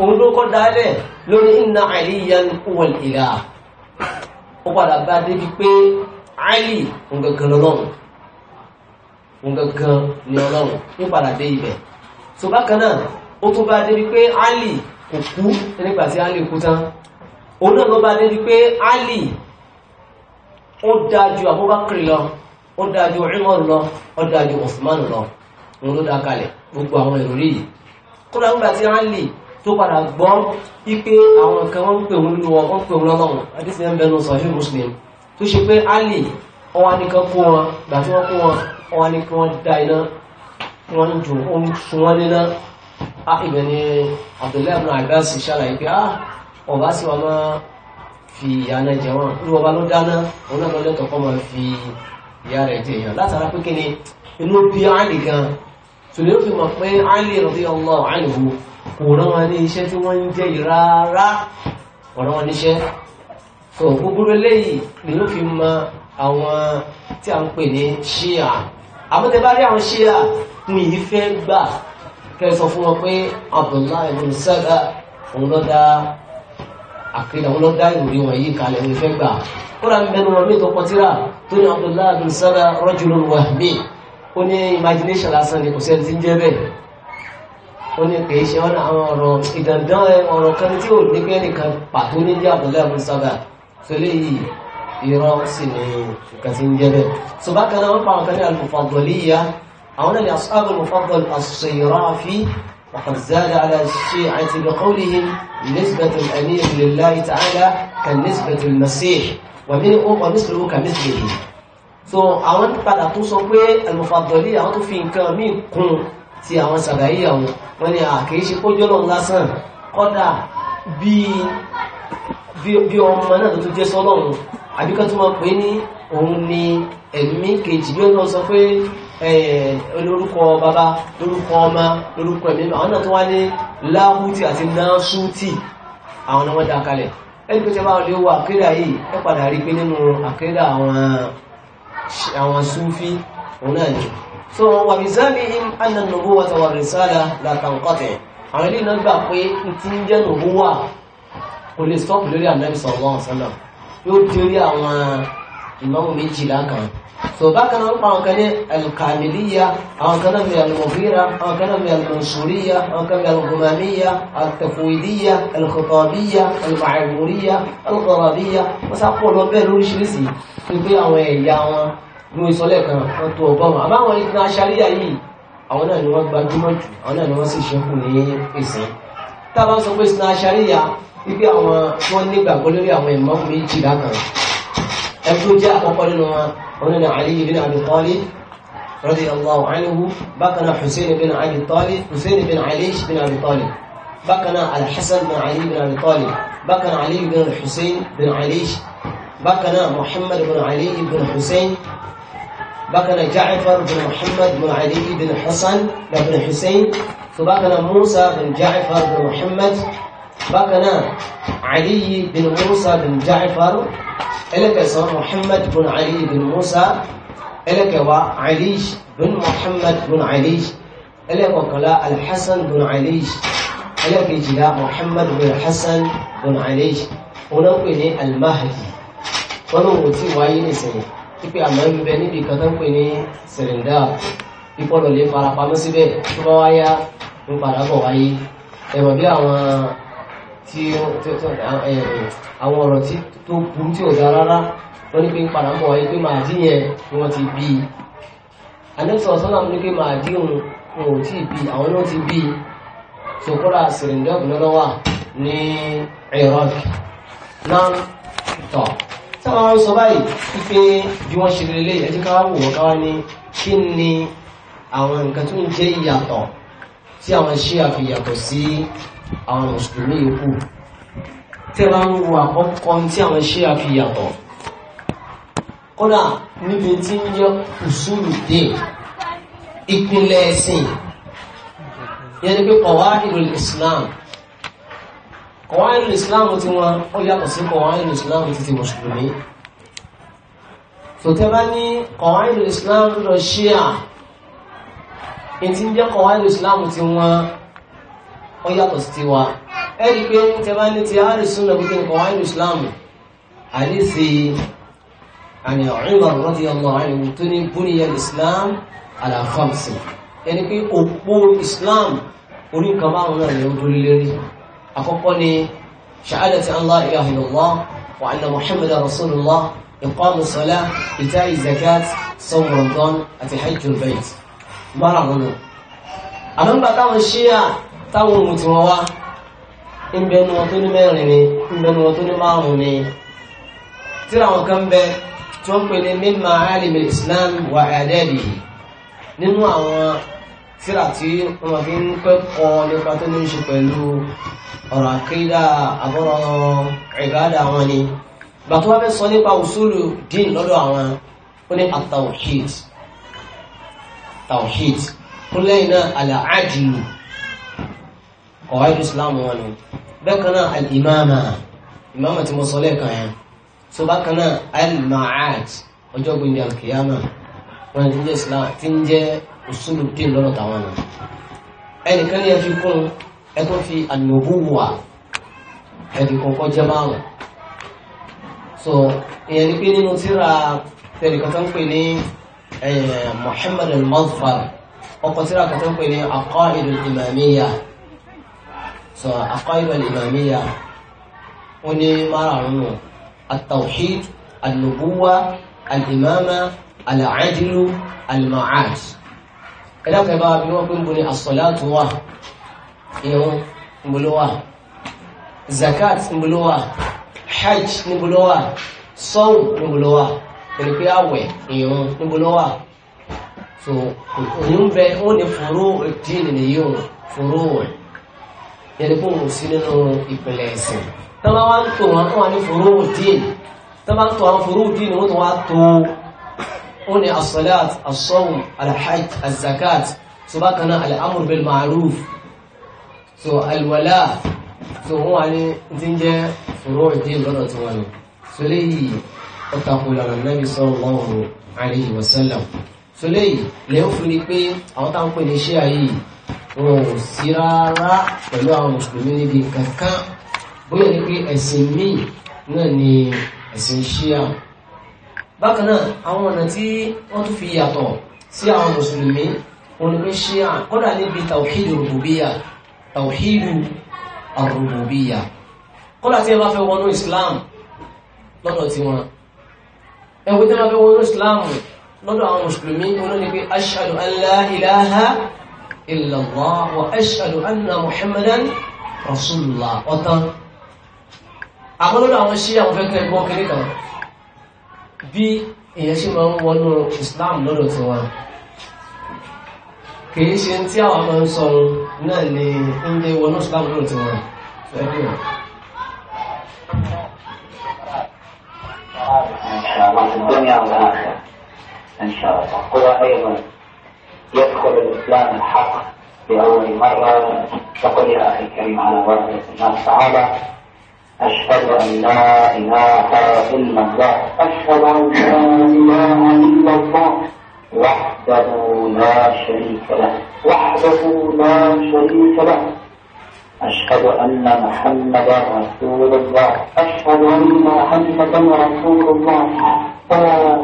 òun ló kọ́ dálẹ̀ lórí inna aliyan wal ilah ó padà bá débi pé ali ngangan lọ́lọ́run ngangan ni ọlọ́run ní padà dé ibẹ̀ tó bákan náà ó tún bá débi pé ali kò kú nígbà tí Ali kú tán òun náà ló bá dé di pé Ali ó dájú Abubakar lọ ó dájú Umar lọ ó dájú Usman lọ òun ló dá kalẹ̀ gbogbo àwọn èrò rí yìí kódà nígbà tí Ali tó padà gbọ́ wípé àwọn kan wọ́n ń pè wọ́n lọ́wọ́ wọ́n ń pè wọ́n lọ́wọ́ àdísì ẹ̀ ń bẹnu sọ̀hìn muslim tó ṣe pé ali ọwọ́ nìkan kó wọn gbà tí wọ́n kó wọn ọwọ́ nìkan wọn da iná wọ́n ń dùn ó ń sun wọ́n níná ibẹ̀ ni Abdullahi ibn Abbas ṣàlàyé pé ah ọba sì wà máa fi ìyáná jẹ wọn irú ọba ló dáná òun náà lọ́dọ̀ tọkọ máa fi ìyá rẹ̀ jẹ èèyàn látara pé kí ni inú bí áìlì gan tòlẹ́ ó fi mọ̀ pé áìlì radiyallahu anhu kò rán wọn ní iṣẹ́ tí wọ́n ń jẹ́ yìí rárá ọ̀rọ̀ wọn níṣẹ́ tó gbogbo eléyìí ni ó fi mọ àwọn tí a ń pè ní ṣíà àmọ́ àwọn ṣíà ń yìí gbà kẹ́ sọ fún wọn pé Abdullahi ibn Sada òun ló dá àkídà òun ló dá ìròyìn wọn yìí kalẹ̀ òun fẹ́ gbà kódà ń bẹnu wọn mí tó tó ní Abdullahi ibn Sada rajulun wahmi ó ní imagination lásán ni kò sẹ́ni tí ń jẹ́ bẹ́ẹ̀ ó ní kìí ṣe ọ́nà àwọn ọ̀rọ̀ ìdàndán ọ̀rọ̀ kan tí ò ní pé nìkan pàtó ní jẹ́ Abdullahi ibn Sada yìí ìran sì ni kàtí ń jẹ́ bẹ́ẹ̀ so bákan náà wọ́n pa àwọn kan ní هؤلاء الأصحاب المفضل الصيرافي وقد زاد على الشيعة بقولهم نسبة الأمير لله تعالى كنسبة المسيح ومنه ومثله كمثله so àwọn padà tó sọ pé al-Mufaddali àwọn tó fi nǹkan míì kún ti àwọn sàbàyí àwọn wọn ni àkèé ṣe kó jọlọ lásán kódà bí ọmọ náà tó tó jẹ́ sọ́lọ́run àbíkọ́ tó máa pè ní òun ni ẹ̀mí kejì bí ó sọ pé Eh, olórúkọ bàbá lórúkọ ọmọ lórúkọ ẹ̀mí àwọn náà tó wá ní láhútì àti náṣútì àwọn náà wọ́n dá kalẹ̀ ẹni pé tẹ́bá lè wọ àkídà yìí ẹ padà rí pé nínú àkídà àwọn súfí òun náà ni so wà bí sáàbí im anna nubuwata wa risala la tanqati àwọn ilé náà gbà pé n ti ń jẹ́ nubuwa kò lè stop lórí Ànábì sallallahu alaihi wasallam yóò dérí àwọn ìmáàmù فباكنا نقع كان الكاملية أو كان من المغيرة أو كان من المنصورية أو كان من الغمامية التفويدية الخطابية المعمورية الغرابية وسأقول وبين لوريش لسي تبقى ويا lórí sọlẹ̀ kan wọ́n tó ọgọ́rùn-ún àmọ́ àwọn ìtàn aṣàríyà yìí àwọn náà ni wọ́n gbajúmọ̀ jù àwọn náà ni wọ́n sì ṣẹ́kù ní ìsìn tá a bá ń sọ pé ìtàn aṣàríyà wípé àwọn tí wọ́n nígbàgbọ́ lórí àwọn ìmọ̀ méjìlá kan لكن جاء فقال علي بن ابي طالب رضي الله عنه بقنا حسين بن علي طالب حسين بن علي بن ابي طالب بقنا الحسن بن علي بن ابي طالب بقنا علي بن حسين بن علي بقنا محمد بن علي بن حسين بقنا جعفر بن محمد بن علي بن حسن بن حسين فبقنا موسى بن جعفر بن محمد bákan náà aliyu bin musa bin jaafar ẹlẹ́kẹsàn muhammad bin aliyu bin musa ẹlẹ́kẹwàá aliyu bin muhammad bin aliyu ẹlẹ́kọ̀kọ̀lá alhassan bin aliyu ẹlẹ́kẹjìlá muhammad bin hassan bin aliyu wọn ń pè ní almahdi wọn ń wò tí wáyé nìsẹ̀yìn pípẹ́ àmọ́ ń bẹ níbi kan tó ń pè ní sẹ̀rẹ̀ndà ìpọ̀lọ̀ lè farapamọ́ síbẹ̀ tó bá wáyá ń padà bọ̀ wáyé ẹ̀mọ̀ bí àwọn tí àwọn ọ̀rọ̀ tí tó burú tí ò dá rárá wọ́n ní pé padà mọ̀ ẹ́ pé màá dí yẹn ni wọ́n ti bí i àdébùsọ̀ sọ́nà ní pé màá dí òun ò tí ì bí i àwọn náà ti bí i sòkúra sìrìndọ́ọ̀bù lọ́lọ́wà ní Iraq náà tọ̀ sábà wọn sọ báyìí wípé bí wọ́n ṣe lè lé ẹjẹ́ ká wò wọ́n káwá ní kí ni àwọn nǹkan tó ń jẹ́ ìyàtọ̀ tí àwọn ṣíà fi yàtọ̀ sí àwọn mùsùlùmí yòókù tí ẹ bá ń wo àkọ́kọ́ tí àwọn ṣe àfihàtọ̀ kódà níbi tí ń jẹ́ usulu dé ìpínlẹ̀ ẹ̀sìn yẹn ni pé qawaidul islam qawaidul islam ti wọn ó yàtọ̀ sí qawaidul islam ti ti mùsùlùmí tòtẹ́ bá ní qawaidul islam lọ ṣíà ètí ń jẹ́ qawaidul islam ti wọn ọ yàtọ̀ sí tiwa ẹ̀rí pé tẹ́bá ní ti àrísùn náà gbogbo nǹkan wáyé islam àdísì àmì Umar radiyallahu anhu tó ní buniya islam ala khamsi ẹni pé òpó islam orí nǹkan márùn náà ni lérí àkọ́kọ́ ni shahadati an la ilaha illallah wa anna muhammad rasulullah iqamu salah ita'i zakat sawm ramadan àti hajjul bayt márùn náà àmọ́ bàtà wọn ṣíyà táwọn ohun tí wọ́n wá ń bẹnu wọn tó ní mẹ́rin ni ń bẹnu wọn tó ní márùn ni tíra wọn kan bẹ tí wọ́n pè ní mímọ alimi islam wà ẹ̀ẹ́dẹ́ẹ̀dì nínú àwọn tíra tí wọ́n fi ń kẹ́kọ̀ọ́ nípa tó ní ṣe pẹ̀lú ọ̀rọ̀ àkídà àbọ̀rọ̀ ìbádà wọn ni bàtú wọn fẹ́ sọ nípa usulu dín lọ́dọ̀ àwọn ó ní àtàwọ̀hìd tàwọ̀hìd kúlẹ̀ iná àlàájìlù kọ̀wáìdù islam wọn ni bẹ́ẹ̀ kan náà al-imama imama tí mo sọ lẹ́ẹ̀kan yẹn so bákan náà al-ma'ad ọjọ́ gbìndé al-kiyama wọn ti ń jẹ́ islam ti ń jẹ́ usulu dín lọ́nà táwọn náà ẹnìkan ní ẹ fi kún ẹ fi an-nubuwa ẹ̀dì kọ̀ọ̀kọ́ jẹ́ márùn so ìyẹn ni pé nínú tíra tẹ̀lẹ̀kan tó ń pè ní eh, Muhammad al-Madfar ọkọ̀ tíra kan tó ń pè ní aqaid al-imamiyya sọ àkọ́yìnbó ìmàmíyà wọ́n ní márààrún wọn àtàwíd àlùbúwà àlìmáàmà àlàádìlú àlìmáàd ẹlẹ́kọ̀ọ́ ìbá bí wọ́n pín bu ní àsọ̀láàtù wà ìrun ìbúlówà zakat ìbúlówà hajj ìbúlówà sọ́wù ìbúlówà pẹ̀lú àwẹ̀ ìrun ìbúlówà so òun bẹ ó ní fòró ìdí nìyí fòró wọn yẹni fún òun sí nínú ìpìlẹ̀ ẹ̀sìn tó bá wá ń tò wọn fún wa ní fòrówù dín tó bá ń tò wọn fòrówù dín wọn tó wá tó ó ní asọ́láàt asọ́wù alhajj azakat tó bá kaná al'amur bil ma'ruf so alwala tó wọn wá ní dín jẹ́ dín lọ́dọ̀ tó wọn so léyìí ó takò lọ́nà nabi sallallahu alayhi wa sallam so léyìí lè fún ni pé àwọn táwọn pè ní ṣé ayé yìí wọn ò sí rárá pẹ̀lú àwọn mùsùlùmí níbi kankan bóyá ni pé ẹ̀sìn míì náà ni ẹ̀sìn ṣíà bákan náà àwọn ọ̀nà tí wọ́n tún fi yàtọ̀ sí àwọn mùsùlùmí wọn ni pé ṣíà kọ́dà níbi tàwíìdù rùbùbíyà tàwíìdù àrùbùbíyà kọ́dà tí ẹ bá fẹ́ wọnú Islam lọ́dọ̀ tí wọn ẹgbẹ́ tí wọ́n fẹ́ wọnú Islam lọ́dọ̀ àwọn mùsùlùmí wọn ni pé ashhadu an la ilaha إلا الله وأشهد أن محمدا رسول الله وطن أقول له أول شيء أقول لك أبو كريكا بي إيه ما هو الإسلام نور توا كي شين تياو من صن نني إندي ونو إسلام نور توا فهمي الدنيا والآخرة إن شاء الله قل أيضا يدخل الإسلام الحق لأول مرة فقل يا أخي الكريم على الله تعالى أشهد أن لا إله إلا الله أشهد أن لا إله إلا الله وحده لا شريك له وحده لا شريك له أشهد أن محمدا رسول الله أشهد أن محمدا رسول الله آه.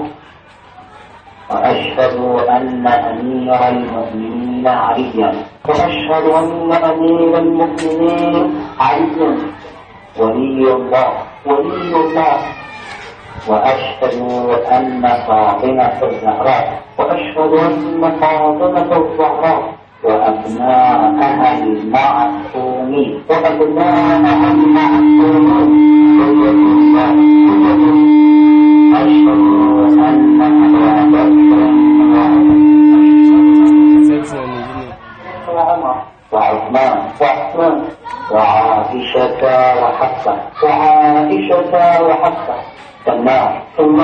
وأشهد أن أمير المؤمنين عليا وأشهد أن أمير المؤمنين عليا ولي الله ولي الله وأشهد أن فاطمة الزهراء وأشهد أن فاطمة الزهراء وأبناءها المعصومين وأبناءها المعصومين أشهد وعثمان وعثمان وعائشة وحفصة وعائشة وحفصة تمام ثم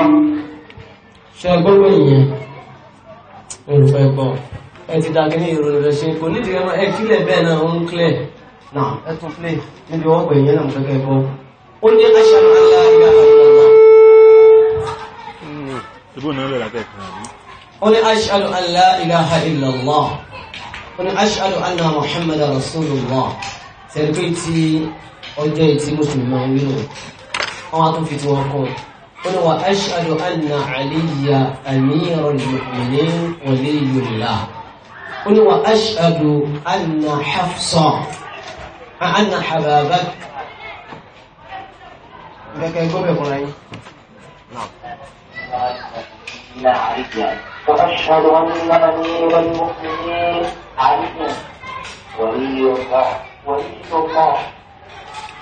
ṣẹgbọn wẹ̀yìn olùfẹgbọn ẹ ti dàgínní ìrònú rẹ ṣe kò nídìí ẹmọ ẹ kílẹ bẹ́ẹ̀ náà ó ń kílẹ náà ẹ tún play níbi wọn pè náà mo fẹ́ kẹ́ ó ní aṣáájú aláìyá àwọn ṣùgbọ́n náà lọ́la tẹ̀ kàn án. ó ní ashhadu an la ilaha illallah ó ní ashhadu anna muhammadar rasulullah tẹ̀lé tí ọjọ́ ìtí mùsùlùmí máa ń wí nù wọn á tún fi tiwọn kún ó ní wa ashhadu anna aliya amirul waliyullah ó ní wa ashhadu anna hafsa anna hababak gẹ́gẹ́ gómìnà yín. وأشهد أن أمير المؤمنين علي ولي الله ولي الله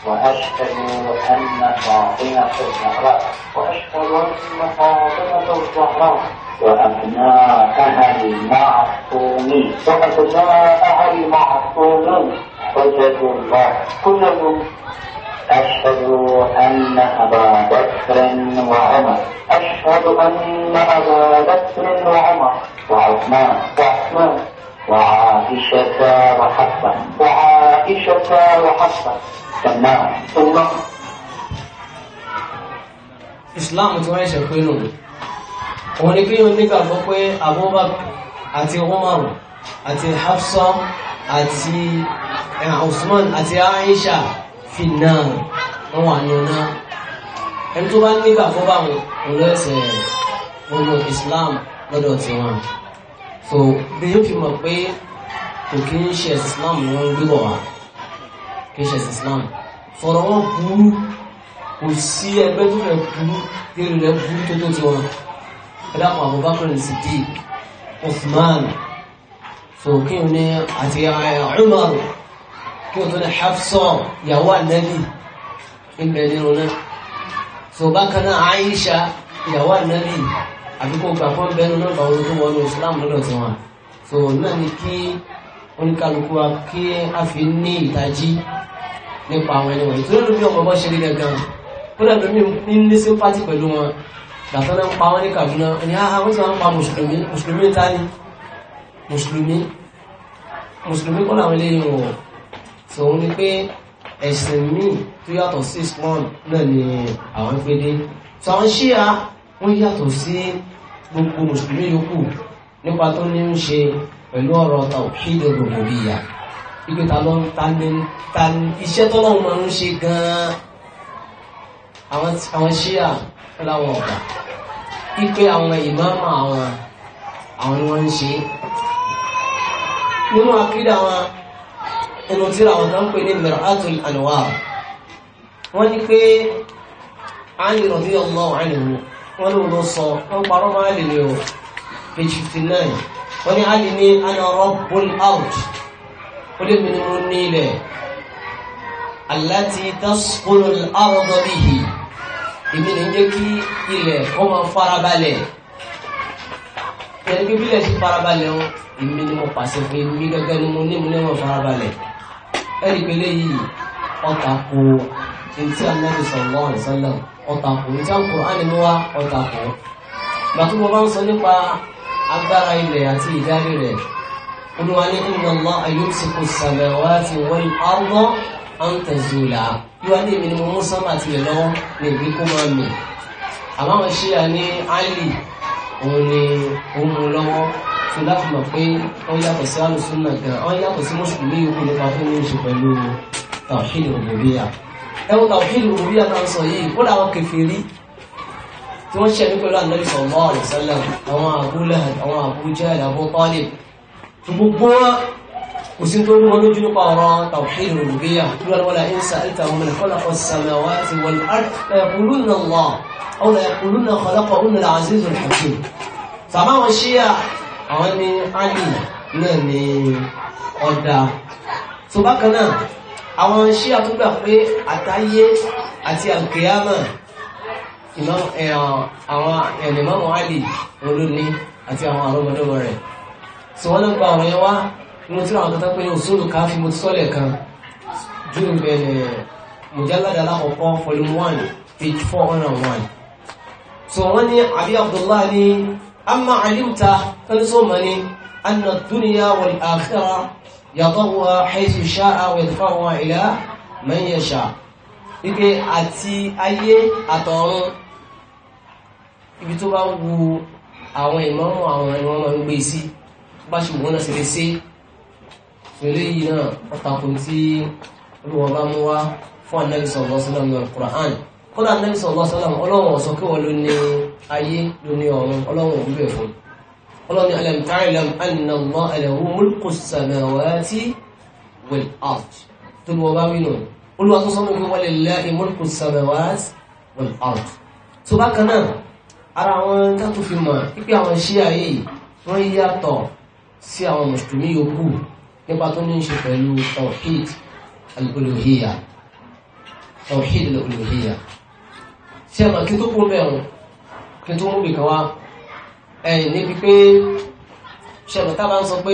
وأشهد أن فاطمة الزهراء وأشهد أن فاطمة الزهراء وأبناءها المعصومين وأبناءها المعصومين حجة الله كلهم أشهد أن أبا بكر وعمر أشهد أن أبا بكر وعمر وعثمان وعثمان وعائشة وحفصة وعائشة وحفصة سماع سماع اسلام جوائے شکوئے ولكن اور ابو بكر أتي عمر أتي حفصة أتي عثمان أتي عائشة fi náà wọ́n wà ní ọ̀nà ẹni tó bá nígbà fún báwọn olóòsè wọn lọ Islam lọ́dọ̀ tiwọn so bí yóò fi mọ̀ pé kò kí ń ṣe Islam ni wọ́n ń gbé bọ̀ wá kì í ṣe Islam fọ̀rọ̀ wọn burú kò sí ẹgbẹ́ tó rẹ̀ burú kiri rẹ̀ burú tó tó tiwọn ẹ̀dàpọ̀ Abubakar Siddiq Uthman so kí n ní àti eh, Umar kí wọ́n tó ní Hafsa ìyàwó ànábì ìbẹ̀ nínú náà tó bá náà Aisha ìyàwó ànábì àbíkó gbà fún bẹ́ẹ̀ nínú náà àwọn tó wọnú Islam lọ́dọ̀ tí wọn tó náà ni kí oníkálukú wa kí a fi ní ìtají nípa àwọn ẹni wọ̀nyí tó lórí bí ọmọ bọ́ ṣe rí gangan ó lẹ́nu mi ní sympathy pẹ̀lú wọn gbàtọ́ náà ń pa wọn ní Kaduna ní ha wọ́n ti wọ́n ń pa mùsùlùmí mùsùlùmí ta ni mùsùlùmí mùsùlùmí kọ́ làwọn eléyìí wọ̀ sòun ni pé ẹ̀sìn míì tó yàtọ̀ sí Islam náà ni àwọn gbélé sàwọn ṣíà wọ́n yàtọ̀ sí gbogbo mùsùlùmí yòókù nípa tó ní ń ṣe pẹ̀lú ọ̀rọ̀ tawhid rububiyyah ibi ta ló ń ta ní ta ní iṣẹ́ tọ́lọ́run máa ń ṣe gan-an àwọn ṣíà láwọn ọ̀gá ipe àwọn ìmáàmù àwọn ni wọ́n ń ṣe nínú àkídà wọn inú tíra àwọn náà ń pè ní mir'atul anwar wọ́n ní pé Ali radiyallahu anhu wọ́n ló lọ sọ wọ́n parọ́ máa lè lè o page fifty nine wọ́n ní Ali ní ana rabbul ard ó lè mi ni mo ní ilẹ̀ allati tasqulu al-ardu bihi èmi ní jẹ́ kí ilẹ̀ kó máa farabalẹ̀ ẹni pé bílẹ̀ sí farabalẹ̀ o èmi ni mo pàṣẹ fún mi gẹ́gẹ́ ni mo ní mo ní mo farabalẹ̀ ẹ̀rí pé léyìí ọ̀tà kò ntí anábì sallallahu alaihi wasallam ọ̀tà kò ntí Al-Qur'ani mú wa ọ̀tà kò. gbàtú mo bá ń sọ nípa agbára ilẹ̀ àti ìdarí rẹ̀ olúwa ní inna Allaha yumsiku as-samawati wal-arda an tazula yíwá ní èmi ni mo mú sánmà tilẹ̀ lọ́wọ́ ní ìbí kó máa mì. àmọ́ àwọn ṣíyà ní Ali òun ni òun mú lọ́wọ́ tó láti mọ̀ pé ó yàtọ̀ sí alùsùn náà gan ó yàtọ̀ sí mùsùlùmí yòókù nípa tó ní oṣù pẹ̀lú tawhid rububiyya ẹ wo tawhid rububiyya náà sọ yìí kódà àwọn kèfèrí tí wọ́n ṣẹ̀mí pẹ̀lú Ànábì sallallahu alaihi wasallam àwọn Abu Lahab àwọn Abu Jahl Abu Talib gbogbo wọn kò sí tó wọn lójú nípa ọ̀rọ̀ tawhid rububiyya wala in sa'altahum man khalaqa as-samawati wal ard la yaqulunna Allah aw la yaqulunna khalaqahunna al-azizul hakim. sàmáwọn ṣíyà àwọn ní ali náà ní ọ̀dà tó bákan náà àwọn ṣé àtúgbà pé àtayé àti alkiyama àwọn ẹ̀lẹ́mọ̀mù ali olóní àti àwọn àrọ́mọdọ́mọ rẹ̀ tí wọ́n náà gba àwọn yẹn wá nínú tí àwọn akọ́tà pé òṣòlù káfí mo ti sọ́lẹ̀ kan jù bẹ̀rẹ̀ mujallada lákọ̀ọ́kọ́ volume one page four hundred and one. so wọ́n ní abi abdullahi ní. أما علمت أنصمني أن الدنيا والآخرة يضوها حيث شاء ويدفعها إلى من يشاء ipe àti ayé àtọ̀run ibi tó bá wu àwọn ìmọ̀ràn àwọn ìwọ̀n máa ń gbé sí tó bá ṣe wọ́n náà ṣe lè ṣe yìí náà ọ̀tàkùn tí olùwọ̀n bá mú wá fún ànábì sallallahu alaihi wasallam Qur'an kódà ní sọ̀rọ̀ sọ́lọ́m ọlọ́run ọ̀sọ́ kí wọ́n ló ní ayé ló ní ọ̀run ọlọ́run òwúrẹ̀ fún ọlọ́run alam ta'lam anna Allaha lahu mulku samawati wal ard tó ní wọ́n bá wínú olúwa tó sọ́nà pé wọ́n lè lillahi mulku samawati wal ard tó bá kan náà ara àwọn tátó fi mọ̀ pípé àwọn iṣẹ́ ayé wọ́n yàtọ̀ sí àwọn mùsùlùmí yòókù nípa tó ní ṣe pẹ̀lú tawhid al-uluhiyya tawhid tí ẹmà kí tó kó mẹ́rùn kí tó mú bìkan wá ẹ̀yìn níbi pé ṣẹlẹ̀ tá bá ń sọ pé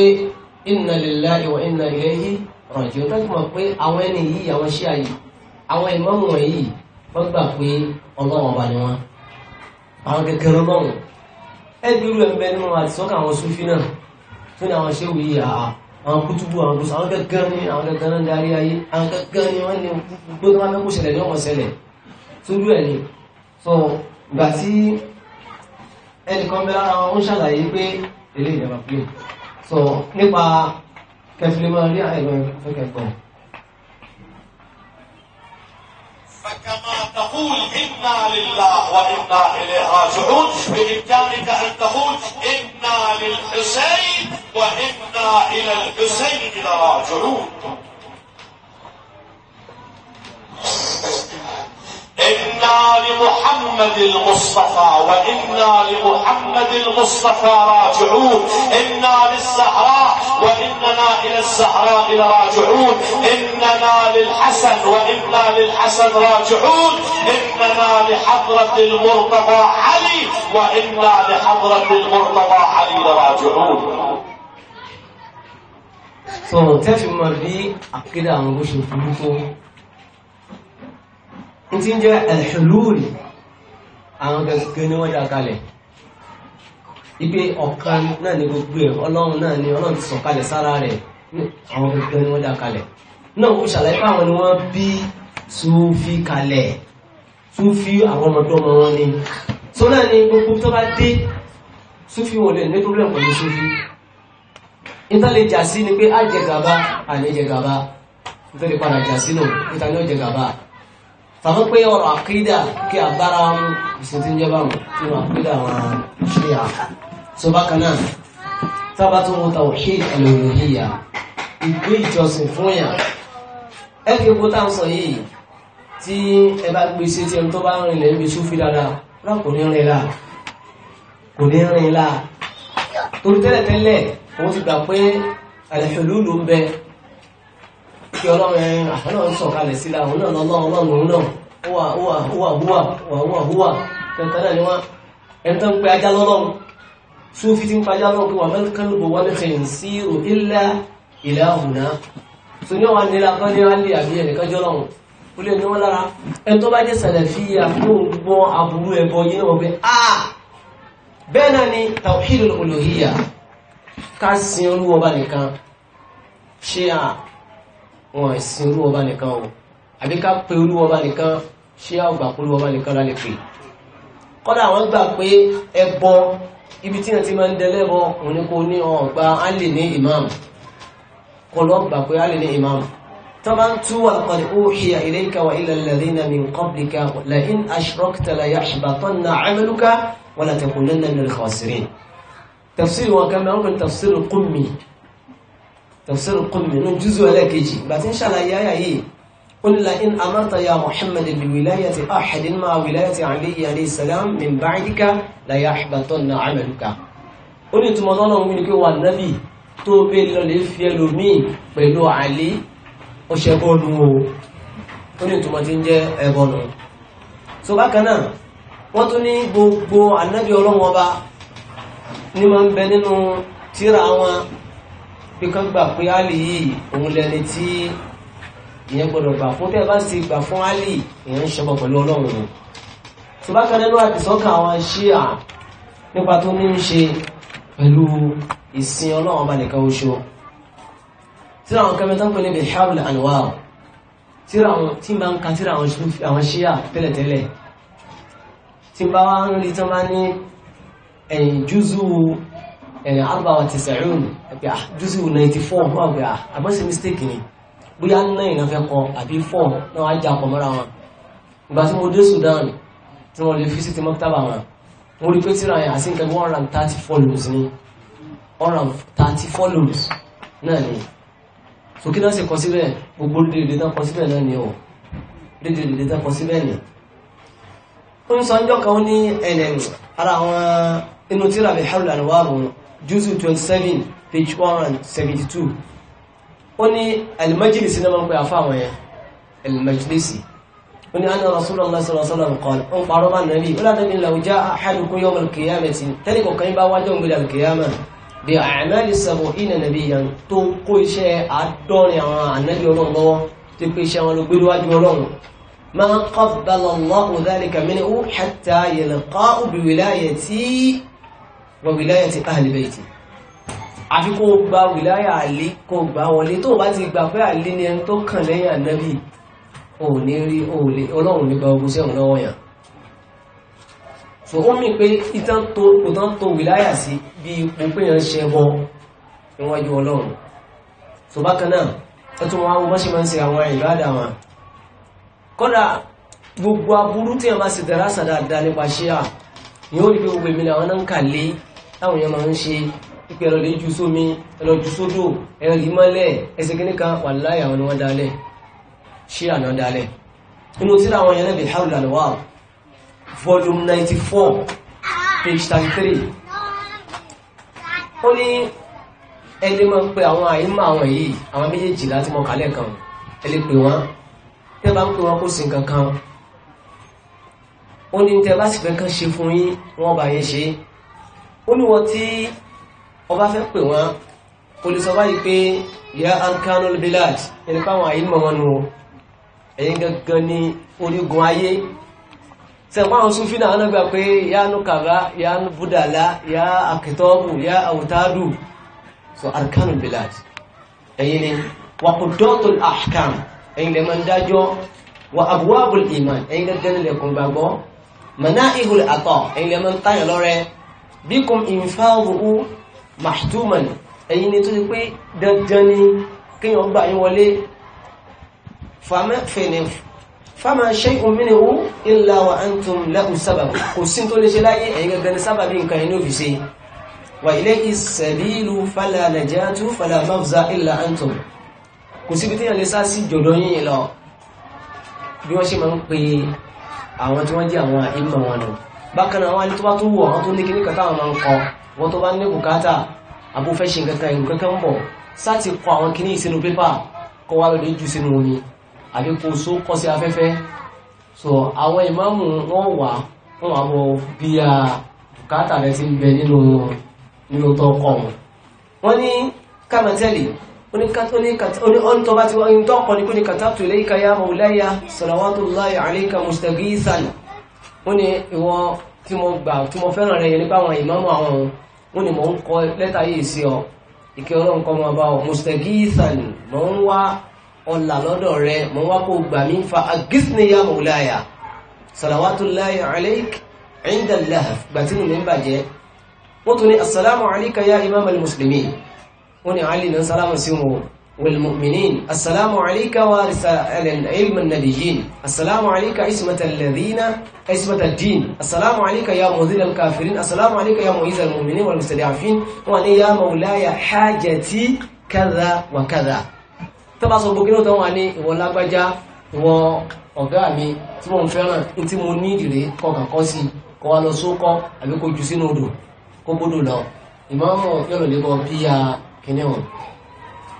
inna lillahi wa inna ilayhi raji'un tó mọ̀ pé àwọn ẹni yìí àwọn ṣíà yìí àwọn ìmáàmù wọ̀nyí wọ́n gbà pé ọlọ́wọ́n ọba ni wọ́n àwọn kékeré ọlọ́run ẹbí irú ẹ̀mẹ́ nínú àti sọ́kà àwọn Sufi náà tó ní àwọn ṣéwù yìí àá àwọn kútùbù àwọn kúsù àwọn gẹ́gẹ́ ní àwọn gẹ́gẹ́ ní darí ayé àwọn gẹ́gẹ́ ní wọ́n ní gbogbo tó máa fẹ́ ní ọmọ ṣẹlẹ̀ tó rú ẹ̀ ní so ìgbà tí ẹnìkan bẹ lára wọn ṣàlàyé pé ilé ìjọba pé so nípa kẹfìlẹ máa rí àìmọ fẹkẹ gbọ. فكما تقول إنا لله وإنا إليه راجعون بإمكانك أن تقول إنا للحسين وإنا إلى الحسين راجعون إنا لمحمد المصطفى وإنا لمحمد المصطفى راجعون إنا للزهراء وإننا إلى الزهراء لراجعون إننا للحسن وإنا للحسن راجعون إننا لحضرة المرتضى علي وإنا لحضرة المرتضى علي راجعون so tẹ́fì mọ̀ rí àkídà àwọn oṣù ní ti ń jẹ́ al-hulul àwọn gẹ́gẹ́ ni wọ́n dá kalẹ̀ ipe ọ̀kan náà ni gbogbo ẹ̀ ọlọ́run náà ni ọlọ́run ti sọ kalẹ̀ sára rẹ̀ àwọn gẹ́gẹ́ ni wọ́n dá kalẹ̀ náà ó ṣàlàyé pé àwọn ni wọ́n bí Súfí kalẹ̀ Súfí àwọn ọmọdọ́mọ ni tó náà ni gbogbo tó bá dé Súfí wọlé ní problem pẹ̀lú Súfí ìtàlẹ̀ jà sí ni pé á jẹ gàba àlejẹ gàba ìtàlẹ̀ padà jà sínú ìtàlẹ̀ ọ̀jẹ̀ gàba tàbí pé ọ̀rọ̀ àkídà kí agbára mú ìsìn tí ń jẹ́ báwọn tí wọ́n àkídà wọn ṣe à tó bákan náà tábà tó wọ́n tawhid al-uluhiyya ìgbé ìjọsìn fún yà ẹ fi kó tá à ń sọ yìí tí ẹ bá gbé sí tí ẹni tó kí ọlọ́run ẹ̀ àtọ́lọ́run sọ̀kalẹ̀ sí la òun náà lọ́lọ́ ọlọ́run òun náà wà wà wà wà wà wà tẹ̀tẹ̀ náà ni wọ́n ẹni tó ń pe ajá lọ́lọ́run tó fi ti ń pajá lọ́run pé wà mẹ́rin kálùbọ̀ wọ́n lẹ́kẹ̀ ń sí rò ilá ìlà òhùnà tó ní wọn nílá kan ní wọn lè àbí ẹnìkan jọ lọ́run ó ah bẹ́ẹ̀ ni tawhidul uluhiyya ká sin olúwọba nìkan ṣe wọn ìsìn olúwa ọba nìkan o àbí ká pe olúwa ọba nìkan ṣé àgbà pé olúwa ọba nìkan la lè pè kọ́dà àwọn gbà pé ẹbọ ibi tí wọn ti máa ń dẹlẹ́bọ òun ni kò ní ọgbà á lè ní ìmáàmù kò lọ gbà pé á lè ní ìmáàmù tó bá ń tú wà kọ́dà ó ṣe ilayka wa ila alladhina min qablika la in ashrakta la yahbatanna amaluka wa la takunanna minal khasirin tafsir wọn kan náà wọn tafsir qummi tafsir qulbi nínú júzù ẹlẹ́kejì bá ti ń ṣàlàyé ayà yìí قل لئن أمرت يا محمد بولاية أحد مع ولاية علي عليه السلام من بعدك ليحبطن عملك ó ní ìtumọ̀ tọ́lọ̀ mú ní kí wà nábì tó bẹ́ lọlẹ̀ fi ẹlòmí pẹ̀lú àlè ọ̀ṣẹ́bọ́nù o ó ní ìtumọ̀ tí ń jẹ́ ẹbọnù so bákan náà wọ́n tún ní gbogbo ànábì ọlọ́wọ́n ọba ní máa ń bẹ nínú tíra wọn pé kán gbà pé Ali yìí òun lẹni tí ìyẹn gbọdọ̀ gbà fún tẹ́ bá sì gbà fún Ali ìyẹn ń ṣọpọ̀ pẹ̀lú ọlọ́run ni tó bá kan nínú àdìsọ́kàn àwọn ṣíà nípa tó ní ń ṣe pẹ̀lú ìsìn ọlọ́run ọba nìkan oṣù tíra àwọn kẹmẹ tó ń pè ní bihabul anwar tíra àwọn tí n bá ń ka tíra àwọn ṣíà tẹ́lẹ̀tẹ́lẹ̀ tí n bá wá ń rí tí wọ́n bá ní ẹ̀yìn júzù ẹ̀yìn arba wa ti sẹ̀rún ẹ̀pẹ̀ ah jùsù 94 wọ́n pẹ̀ ah àmọ́sí mistake ni bóyá 9 náà fẹ́ kọ àbí 4 náà wá jà pọ̀ mọ́ra wọn ìgbà tí mo dé Sudan tí wọ́n lè fi sí ti mọ́tàbà wọn mo rí pé tíra yẹn àti nǹkan 130 ni 130 follows náà ni so kí náà sì kọ síbẹ̀ gbogbo dédé tán kọ síbẹ̀ náà ni o dédé dédé tán kọ síbẹ̀ ni ó ń sọ ọjọ́ kan ó ní ẹ̀nẹ̀ ara àwọn inú tíra bẹ̀ hẹ́rù lànà juz'u 27 page 172 ó ní al-majlisi náà máa ń pè àfa àwọn yẹn al-majlisi ó ní anna rasulullah sallallahu alaihi wasallam qala ó ń parọ́ bá nàbí ó lànà ní law ja'a ahadukum yawm al-qiyamati tẹ́lẹ̀ kọ̀ọ̀kan yín bá wájọ́ ń gbé al-qiyamah bí àmàlì sàbò ìnà nàbí yẹn tó kó iṣẹ́ àádọ́rin àwọn ànábì ọlọ́run lọ́wọ́ tó pé iṣẹ́ wọn ló gbé níwájú ọlọ́run ma qabbala Allahu dhalika minhu hatta yalqahu bi wilayati wa wilayati ahli bayti àfi kó gba wìláyà àlé kó gbà wọlé tó bá ti gbà pé àlé ni ẹni tó kàn lẹ́yìn ànábì ò ní rí ọlọ́run nígbà ogun sí ọ̀hún lọ́wọ́ yàn so ó mì pé ìtàn tó ìtàn tó wìláyà sí bí ipò pé yàn ṣe bọ níwájú ọlọ́run so bákan náà ẹ tún wọn bá ṣe máa ń ṣe àwọn ìbáàdà wọn kódà gbogbo aburú tí wọn bá ṣe dára sàdáadáa nípa ṣíà yóò rí pé gbogbo èmi làwọn náà ń kà lé táwọn èèyàn máa ń ṣe pípẹ́ ẹ̀rọ lè ju sómi ẹ̀rọ ju sódò ẹ̀rọ lè mọ́lẹ̀ ẹsẹ̀ kìíní kan wà láyé àwọn ni wọ́n dalẹ̀ ṣé àná dalẹ̀ inú tíra àwọn yẹn náà bìí lànà wà volume ninety four page thirty three ó ní ẹni máa ń pe àwọn àyímọ̀ àwọn yìí àwọn méjèèjì láti mọ kálẹ̀ kan ẹ lè pè wọ́n tẹ́ bá ń pè wọ́n kó sin kankan ó ní tẹ́ bá sì fẹ́ kán ṣe fún yín wọ́n bá yẹn ṣe é ó ní wọ́n tí ọba fẹ́ pè wọ́n kò lè sọ báyìí pé ya arkanul bilad ẹni káwọn àyè mọ̀ wọn nù ẹ̀yìn gangan ní orígun ayé sẹ̀kọ́ àwọn súnfí náà náà gbà pé ya nukara ya budala ya akitọ́bù ya awutadu so arkanul bilad ẹ̀yìn ni wakudotul ahkam ẹ̀yìn lè máa ń dájọ́ wa abwabul iman ẹ̀yìn gangan lè kún gbàgbọ́ mana ihul atọ ẹ̀yìn lè máa ń tayàn lọ́rẹ́ bíkùn ìfáàwòrú mahtuman ẹ̀yìn ni tó ti pé dandan ni kíyàn gbà yín wọlé fama shay'un minhu illa wa antum lahu sabab kò sí tó lè ṣe láyé ẹ̀yìn gẹ́gẹ́ ní sábàbí nǹkan inú fi ṣe wà ilayhi sabilu fala najatu àwọn tí wọ́n jẹ́ àwọn ìmọ̀ wọn náà bákan náà àwọn alẹ́ tó bá tó wọ̀ wọ́n tó ní kíní kan táwọn máa ń kọ wọ́n tó bá ní bùkátà àbò fẹ́ ṣe nǹkan kan ìlú kankan ń bọ̀ sáti kọ àwọn kíní ìsinú pépà kọ wá lóde jù sínú omi àbí só kọ́ sí afẹ́fẹ́ so àwọn ìmáàmù wọn wà wọn wà bọ bí a bùkátà rẹ ti ń bẹ nínú nínú tó kọ wọn. wọ́n ní kámẹ́tẹ́lì onítọ́ bá ti wọ́n ń tọ́kọ ní kúni kàtàkùn ilé ìkàyà mọ̀ọ́láyà salawatullahi ó ní ìwọ tí mo gbà tí mo fẹ́ràn rẹ yẹn nípa àwọn ìmáàmù àwọn òun ó ní mò ń kọ lẹ́tà yìí sí ọ ìkẹ́ ọlọ́run kọ́ máa bá ọ mùsùlùmí ìsàlù mò ń wá ọ̀là lọ́dọ̀ rẹ mò ń wá kó gbà mí fa agísíníyà mọ̀láyà sàlàwátúláyà aláìk ẹ̀ńdàlá gbàtínú mi bàjẹ́ wọ́n tún ní asàlámù aláìkà yá ìmáàmù mùsùlùmí ó ní alì náà sálámù sí wọn والمؤمنين السلام عليك وارث العلم النبيين السلام عليك اسمة الذين اسمة الدين السلام عليك يا مذل الكافرين السلام عليك يا معيز المؤمنين والمستضعفين وأن يا مولاي حاجتي كذا وكذا تبا سبوكينو تاwọn wa ni ìwọ lágbájá ìwọ ọ̀gá mi tí wọ́n fẹ́ràn tí mo ní ìdìrí kọkànkọ́ sí kọ wa lọ sókọ́ àbí kó jù sínú odò kó gbódò lọ ìmọ̀ọ́mọ̀ yọ̀lọ̀lẹ́bọ̀ bí i kìnìún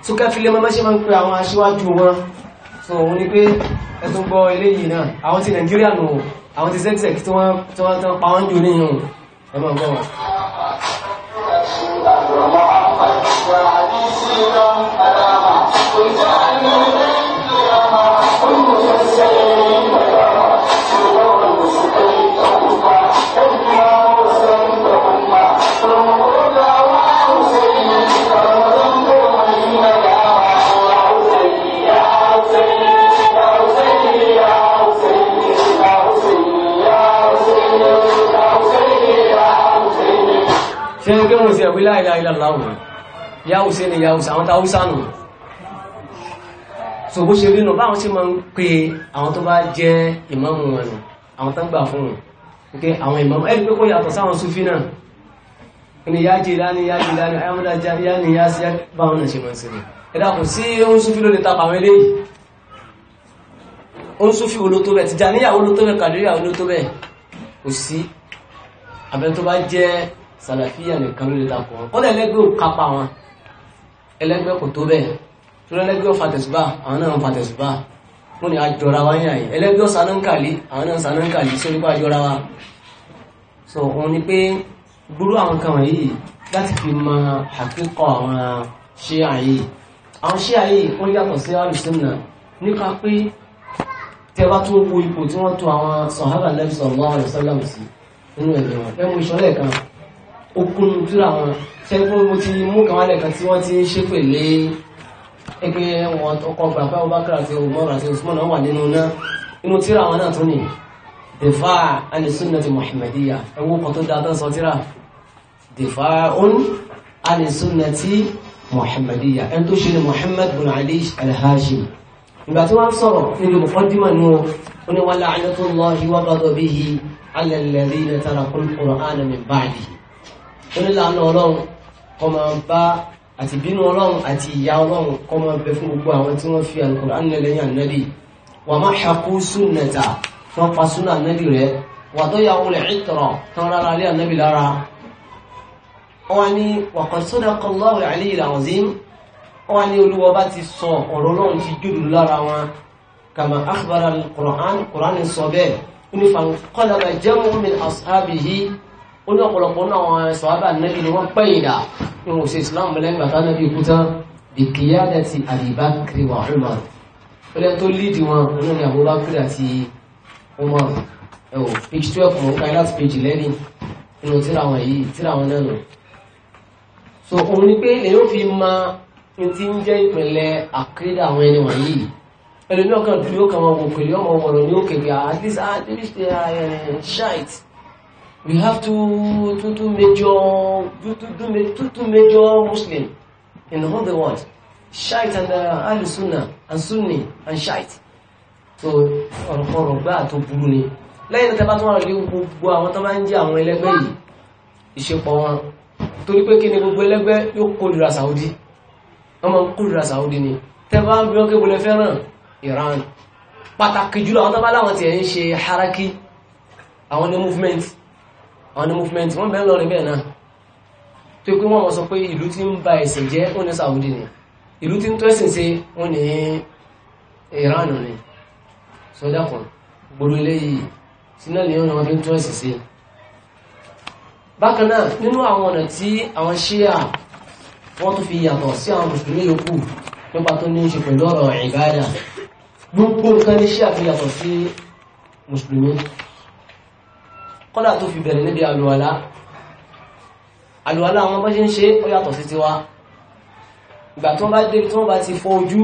so kẹfìlẹ̀ mọ́ ṣe máa ń pè àwọn aṣíwájú wọn so òun ni pé ẹ̀tún gbọ́ eléyìí náà àwọn ti Nàìjíríà nù àwọn ti sẹ́kìsẹ̀kì tí wọ́n tí wọ́n tán pa wọ́n jù níyàn ẹ̀mọ́ gbọ́ wọn. Thank you. sí ẹ̀wí láìlá ìlàláwò yáò sí ni yáò sí àwọn táwùsá nù so bó ṣe rínú báwọn ṣe máa ń pe àwọn tó bá jẹ́ ìmáàmù wọn nù àwọn tó ń gbà fún wọn pé àwọn ìmáàmù ẹni pé kó yàtọ̀ sáwọn súfí náà ni yá jì láni yá jì láni ayámúdá já yá ni yá sí báwọn náà ṣe máa ń ṣe ẹ̀dá kò sí ohun súfí lónìí tapà àwọn eléyìí ohun súfí olótó bẹ̀ tìjà níyàwó olótó bẹ̀ kàdúrà olótó bẹ̀ kò sí àbẹ́ tó bá jẹ́ sàlàfíà nìkan ló lè takò wọn kọ́dà ẹlẹ́gbẹ́ ò kápá wọn ẹlẹ́gbẹ́ kò tó bẹ́ẹ̀ tó lẹ́lẹ́gbẹ́ ọ̀fà tẹ̀sùbá àwọn náà ń fa tẹ̀sùbá wọn ni àjọra wa yàn yìí ẹlẹ́gbẹ́ ọ̀sánánkàlí àwọn náà sánánkàlí sórí pa àjọra wa sọ òun ni pé gbúrú àwọn kan wọ̀nyí láti fi mọ àkíkọ̀ àwọn ṣé àyè àwọn ṣé àyè wọn yàtọ̀ sí àlùsùnà nípa pé tẹ́wá tó wo ipò tí wọ́n to àwọn sọ̀hábà lẹ́bí sallallahu alaihi wasallam sí okun tíra wọn sẹ́ńkún mo ti mú kàwọn ẹ̀kan tí wọ́n ti ń ṣépè lé ẹgbẹ́ wọn ọkọ̀ gbà pé Abubakar àti Umar àti Usman náà wà nínú náà inú tíra wọn náà tún nìyí difa ani sunnati muhammadiyya ẹwọ kọtọ dáadáa sọ tíra difa un ani sunnati muhammadiyya ẹn tó ṣe ni muhammad bin ali alhashim ìgbà tí wọ́n sọ̀rọ̀ nínú mufaddima nù ó ní wà láàánú tó lọ ìwà bàdọ̀ bí i alẹ́lẹ́rí báyìí onílànà ọlọ́run kọ́ máa bá àti bínú ọlọ́run àti ìyá ọlọ́run kọ́ máa bẹ fún gbogbo àwọn tí wọ́n fi Al-Qur'an lẹ́yìn ànábì wà má ṣàkó sunnata wọ́n pa súnà ànábì rẹ̀ wà tó yà wọlé ìtọ̀rọ̀ tán rárá lé ànábì lára wọ́n ní waqad sadaqa Allahu al-'aliyyul 'azim wọ́n ní olúwa bá ti sọ ọ̀rọ̀ ọlọ́run ti jòdù lára wọn kama akhbara al-Qur'an sọ bẹ́ẹ̀ ó ní ọ̀pọ̀lọpọ̀ náà àwọn sọ̀hábà nẹ́bí ni wọ́n pẹ́yìn dà ní wọ́n ṣe islam lẹ́yìn bàtà nẹ́bí ikú tán ìkìyà àti àbíbákiri wà Umar ọlẹ́ tó líìdì wọn nínú ní àbúbákiri àti Umar ẹ̀wọ̀ page twelve mọ̀ nǹkan láti page eleven nínú tíra wọn yìí tíra wọn náà so òun ni pé lèyìn ó fi ma ní ti ń jẹ́ ìpìlẹ̀ àkídà àwọn ẹni wọ̀nyí ẹlòmíràn kan dúró kan wọn wò pẹ̀lú ọmọ ọmọ rẹ̀ ní òkè ah, ah, uh, we have to to to major, to to to two major Muslim in all the world, Shiite and uh, Ahlul Sunnah and Sunni and Shiite. So ọ̀rọ̀ gbá tó burú ni. Lẹ́yìn tẹ́bá tó wọ́n rí gbogbo àwọn tó máa ń jẹ́ àwọn ẹlẹ́gbẹ́ yìí, ìṣepọ̀ wọn. Torí pé kí ni gbogbo ẹlẹ́gbẹ́ yóò kórìíra Saudi. Wọ́n máa ń kórìíra Saudi ni. Tẹ́bá ń bí wọ́n kébùlẹ̀ fẹ́ràn Iran. Pàtàkì jùlọ àwọn tó bá láwọn tiẹ̀ ń ṣe haraki, àwọn ní movement àwọn movement wọ́n bẹ̀rẹ̀ lọ́rin bẹ́ẹ̀ náà tó pé wọ́n mọ̀ sọ pé ìlú tí ń ba ẹ̀sìn jẹ́ ó ní Saudi ni ìlú tí ń tó ẹ̀sìn ṣe ó ní eh, Iran ni sọjá kan gbòòrò eléyìí sínú ni wọ́n fi ń tó ẹ̀sìn ṣe bákan náà nínú àwọn ọ̀nà tí àwọn ṣíà wọ́n tún fi yàtọ̀ sí àwọn mùsùlùmí yòókù nípa tó ní ṣe pẹ̀lú ọ̀rọ̀ ìbáyà gbogbo nǹkan ní ṣíà fi yàtọ̀ sí mùsùlùmí kọ́dà tó fi bẹ̀rẹ̀ níbi àlùwàlá àlùwàlá àwọn bá ṣe ń ṣe ó yàtọ̀ sí tiwa ìgbà tó bá dé tó bá ti fọ ojú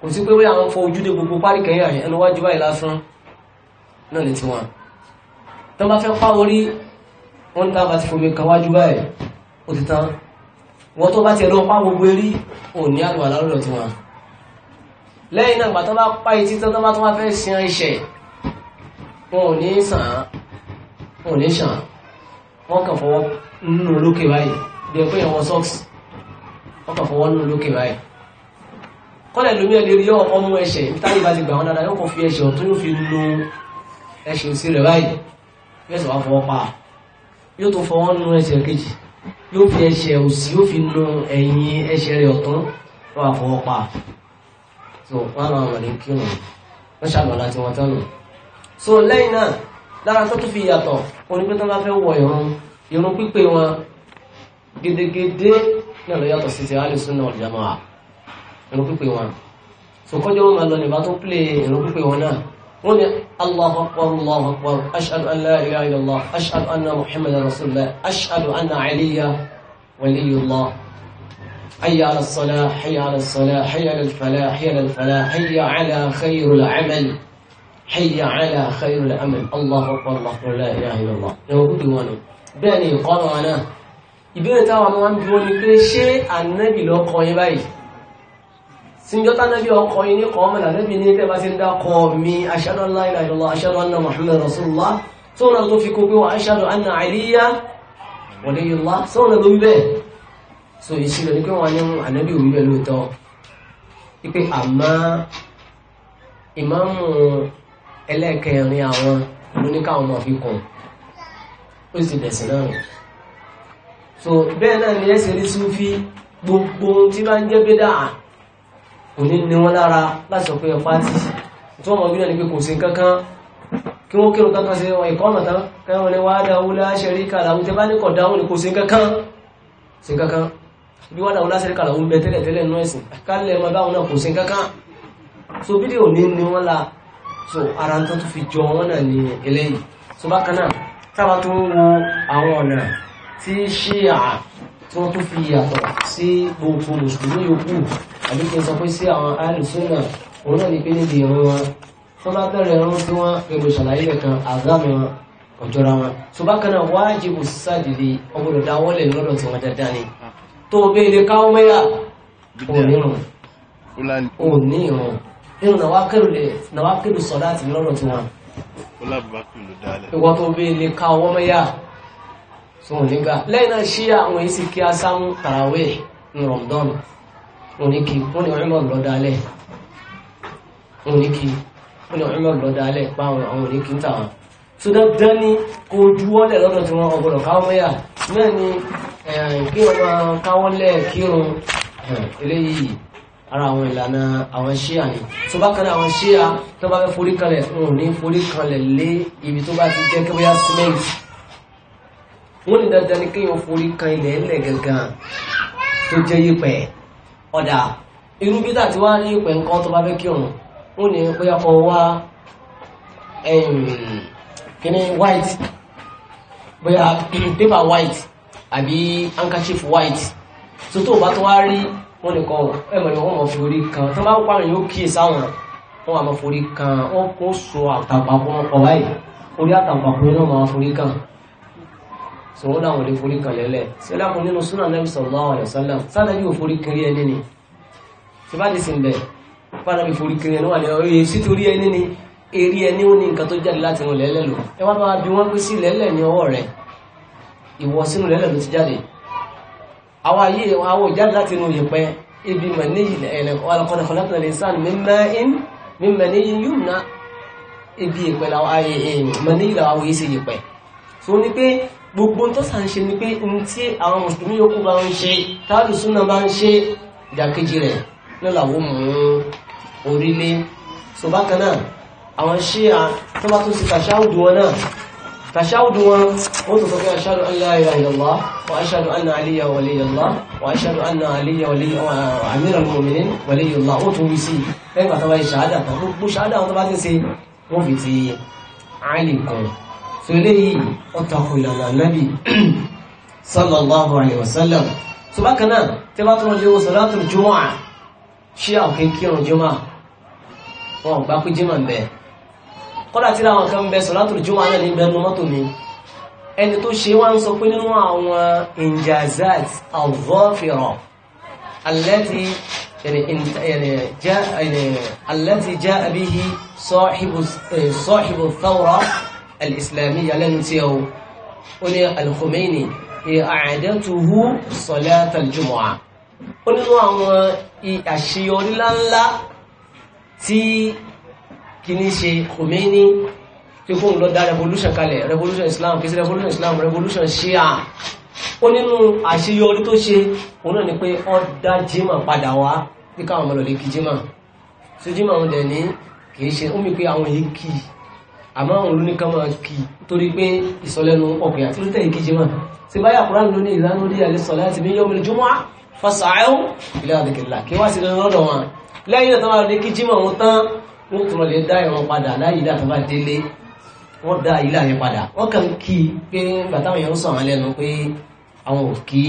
kò sí pé wọ́n àwọn fọ ojú dé gbogbo párí kẹyìn àyẹ̀ ẹnu wájú báyìí lásán náà ní tiwọn tó bá fẹ́ pa orí wọn tá bá ti tán bá tán bá fẹ́ sin iṣẹ́ wọn ò ní sàn án wọn ò ní ṣàn wọn kàn fọwọ́ nínú olókè báyìí bí ẹ pé ẹ̀wọ̀n sọ́ọ̀sì wọn kàn fọwọ́ nínú olókè báyìí kọ́lẹ̀ lómi ẹ̀lẹ́ rí ọkọ̀ mú ẹsẹ̀ táyé bá ti gbà wọn dáadáa yóò kó fi ẹsẹ̀ ọ̀tún yóò fi nu ẹsẹ̀ òsì rẹ̀ báyìí yóò sì wá fọwọ́ pa yóò tó fọwọ́ nu ẹsẹ̀ kejì yóò fi ẹsẹ̀ òsì yóò fi nu ẹ̀yìn ẹsẹ̀ rẹ̀ ọ̀tún wọ́n á fọwọ́ pa so wọ́n á lọ àwọn ọ̀rẹ́ kírun wọ́n ṣàlùwàlá tí wọ́n tán nù so lẹ́yìn náà lára tó tún fi yàtọ̀ òní pé tó bá fẹ́ wọ ìrun ìrun pípé wọn gédégédé náà ló yàtọ̀ sí ti alìsúnà ọ̀jàmọ́ à ìrun pípé wọn sòkòjọ́ wọn máa lọ nígbà tó pílé ìrun pípé wọn náà wọ́n ní allahu akbar allahu akbar ashadu an la ilaha illallah ashadu anna muhammadan rasulullah ashadu anna aliya waliyullah حي على الصلاة حي على الصلاة حي على الفلاح حي على الفلاح حي على خير العمل حي على خير الأمل الله أكبر الله لا إله إلا الله نقول ديوانه bẹ́ẹ̀ni ìkọ́nà wa náà ìbéèrè táwọn ọmọ ń dúró ní pé ṣé ànábì ló kọ yín báyìí síjọ́ tánábì ọkọ yín ní kọ́ọ́mọ̀ lànàbì ní tẹ́ bá ti ń dákọ̀ mi ashhadu an la ilaha illallah ashhadu anna muhammadar rasulullah tó náà tó fi kó pé wà ashhadu anna aliya waliyullah sóun náà ló wí bẹ́ẹ̀ so ìṣirò ní pé wọ́n ní ànábì wí bẹ́ẹ̀ lóòótọ́ wípé àmọ́ ìmáàmù ẹlẹ́ẹ̀kẹrin àwọn oníkàwọn máa fi kùn ó sì bẹ̀sìn náà so bẹ́ẹ̀ náà ni ẹsẹ̀ rí Sufi gbogbo ohun tí bá ń jẹ́ bídà kò ní ní wọn lára láti sọ pé ẹ pátì tí wọ́n mọ̀ bí náà ni pé kò sí kankan kí wọ́n kírun kankan sí ẹ̀kọ́ ọ̀nà tán kẹ́wọ́n ni wàá dáwó láṣẹrí kàlà àwọn tẹ́bá ní kọ̀ dáwó ni kò sí kankan sí kankan bí wàá dáwó láṣẹrí kàlà àwọn bẹ tẹ́lẹ̀ tẹ́lẹ̀ nú ẹ̀sìn kálẹ̀ mọ́ báwọn náà kò sí kankan so bídíò ní ní wọn la so ara ń tán tó fi jọ wọn náà ní eléyìí so bákan náà tábà tó ń wo àwọn ọ̀nà tí ṣíà tí wọ́n tó fi yàtọ̀ sí gbogbo mùsùlùmí yòókù àbí kí n sọ pé sí àwọn alùsùnà òun náà ní pé níbi ìrún wọn tó bá bẹ̀rẹ̀ ìrún tí wọ́n gbèrò ṣàlàyé nìkan àzámi wọn ọ̀jọ́ra wọn so bákan náà wájibu sísàdìdì ọgbọ́dọ̀ dáwọ́lé lọ́dọ̀ tí wọ́n dáadáa ni tó o bẹ́ẹ̀ lè káwọ́ mẹ́yà òun ní nínú na lè nàwákìlù sọ̀dá àti lọ́rọ̀ tí wọn. ìwọ tó bí lè ka ọwọ́ mẹ́yà tó wọn nígbà lẹ́yìn náà ṣí àwọn èsì kí a sáwọn tàràwé ní rọ̀mdọ́n wọn ní kí wọn ní ọ̀rẹ́mọ̀ lọ dálẹ̀ wọn ní kí wọn ní ọ̀rẹ́mọ̀ lọ dálẹ̀ pa àwọn àwọn ní kí ń tà wọn. tó tí wọn ọ̀gbọ̀dọ̀ káwọ́ mẹ́yà náà ni eh, kí wọn máa káwọ́ kírun eh, eléyìí ara àwọn ìlànà àwọn ṣíà ni tó bá kan àwọn ṣíà tó bá fẹ́ forí kanlẹ̀ òun ní forí kanlẹ̀ lé ibi tó bá ti jẹ́ kí bóyá cement wọ́n ní dandan ni kéèyàn forí kan ilẹ̀ ńlẹ̀ gangan tó jẹ́ yípẹ̀ ọ̀dà irú bí tàbí wá ní ìpẹ̀ nǹkan tó bá fẹ́ kí òun wọ́n ní bóyá kan wá kíní white bóyá paper white àbí handkerchief white tó tó bá tó wá rí wọ́n nìkan ẹ̀mọ̀ ni wọ́n mọ̀ forí kan tó bá ń pààrọ̀ yóò kíyè sáwọn wọ́n àmọ́ forí kan wọ́n kó so àtàpàpọ̀ wọn kọ̀ báyìí orí àtàpàpọ̀ yóò máa forí kan so wọ́n dáwọn lè forí kan lẹ́lẹ̀ sẹ́lámù nínú súnà nẹ́bí sallallahu alaihi wasallam sáà nẹ́bí ò forí kiri ni tí bá ti sìn bẹ̀ padà bí forí kiri ẹni wà ní ọ̀rọ̀ yìí sítorí ni eré ẹni ó ní nǹkan tó àwọn ayé àwọn ìjáde láti inú yẹ̀pẹ̀ ibi mẹ̀níyì ọ̀lọ́kọ̀lọ́kọ̀lọ́kọ̀lọ́ lè sáà mímẹ́ in mímẹ́ ní yóò ná ibi yẹ̀pẹ̀ làwọn ayé mẹ̀níyì làwọn ayé sì yẹ̀pẹ̀ tó ní pé gbogbo tó sàn ṣe ni pé n tí àwọn mùsùlùmí yòókù bá ń ṣe táàlù súnà bá ń ṣe ìdàkejì rẹ̀ tàṣáwùdù wọn wọ́n tó sọ pé aṣáàdù anna ìlàlá wa aṣáàdù anna aliyya waliyullah wa aṣáàdù anna aliyya amiral mu'minin waliyullah ó tún wí sí lẹ́yìn pàtàkì ṣáádà tán gbogbo ṣáádà wọn tó bá ti ṣe wọ́n fi ti àìlè kan tó léyìí ó takò ìlànà nábì sallallahu alayhi wa sallam tó bá kan náà tí wọ́n tó lè wo salatul jumu'ah ṣí àwọn kékeré jumu'ah wọn ò gbá pé jùmọ̀ bẹ́ẹ̀ kọ́dà tí láwọn kan bẹ sọ̀látùl jumu'ah náà ní bẹnu mọ́tò mi ẹni tó ṣe wá ń sọ pé nínú àwọn injazat al-zafira allati allati ja'a bihi eh, sahibu thawra al-islamiyya lẹ́nu tí ó ní al-Khumaini i'adatuhu ó nínú àwọn àṣeyọrí láńlá tí kí ṣe Khomeini tí fóun lọ revolution kalẹ̀ revolution Islam kìí ṣe revolution Islam revolution Shia ó nínú àṣeyọrí tó ṣe òun náà ni pé ó dá jimá padà wá bí káwọn ọmọ lọ́lẹ́ kí jimá ṣe jimá wọn dẹ̀ ní kìí ṣe ó mi pé àwọn èyí kì í àmọ́ àwọn olóníkan máa kì í torí pé ìsọlẹ́nu ọkùnrin àti olótẹ́ ìkí jimá ṣe báyà Kùránì ló ní ìlànà orí àlẹ́ sọ̀lá àti bí yọ́mọ ìjọmọ́ fasa'u ila dhikrillah kí wá sí lọ́dọ̀ wọn lẹ́yìn tó máa lè wọ́n tún lọ lè dá ìrun padà láyé ilé àtúbà délé wọ́n dá ilé àyè padà wọ́n kàn kí i pé bàtà àwọn èèyàn ń sọ àwọn lẹ́nu pé àwọn ò kí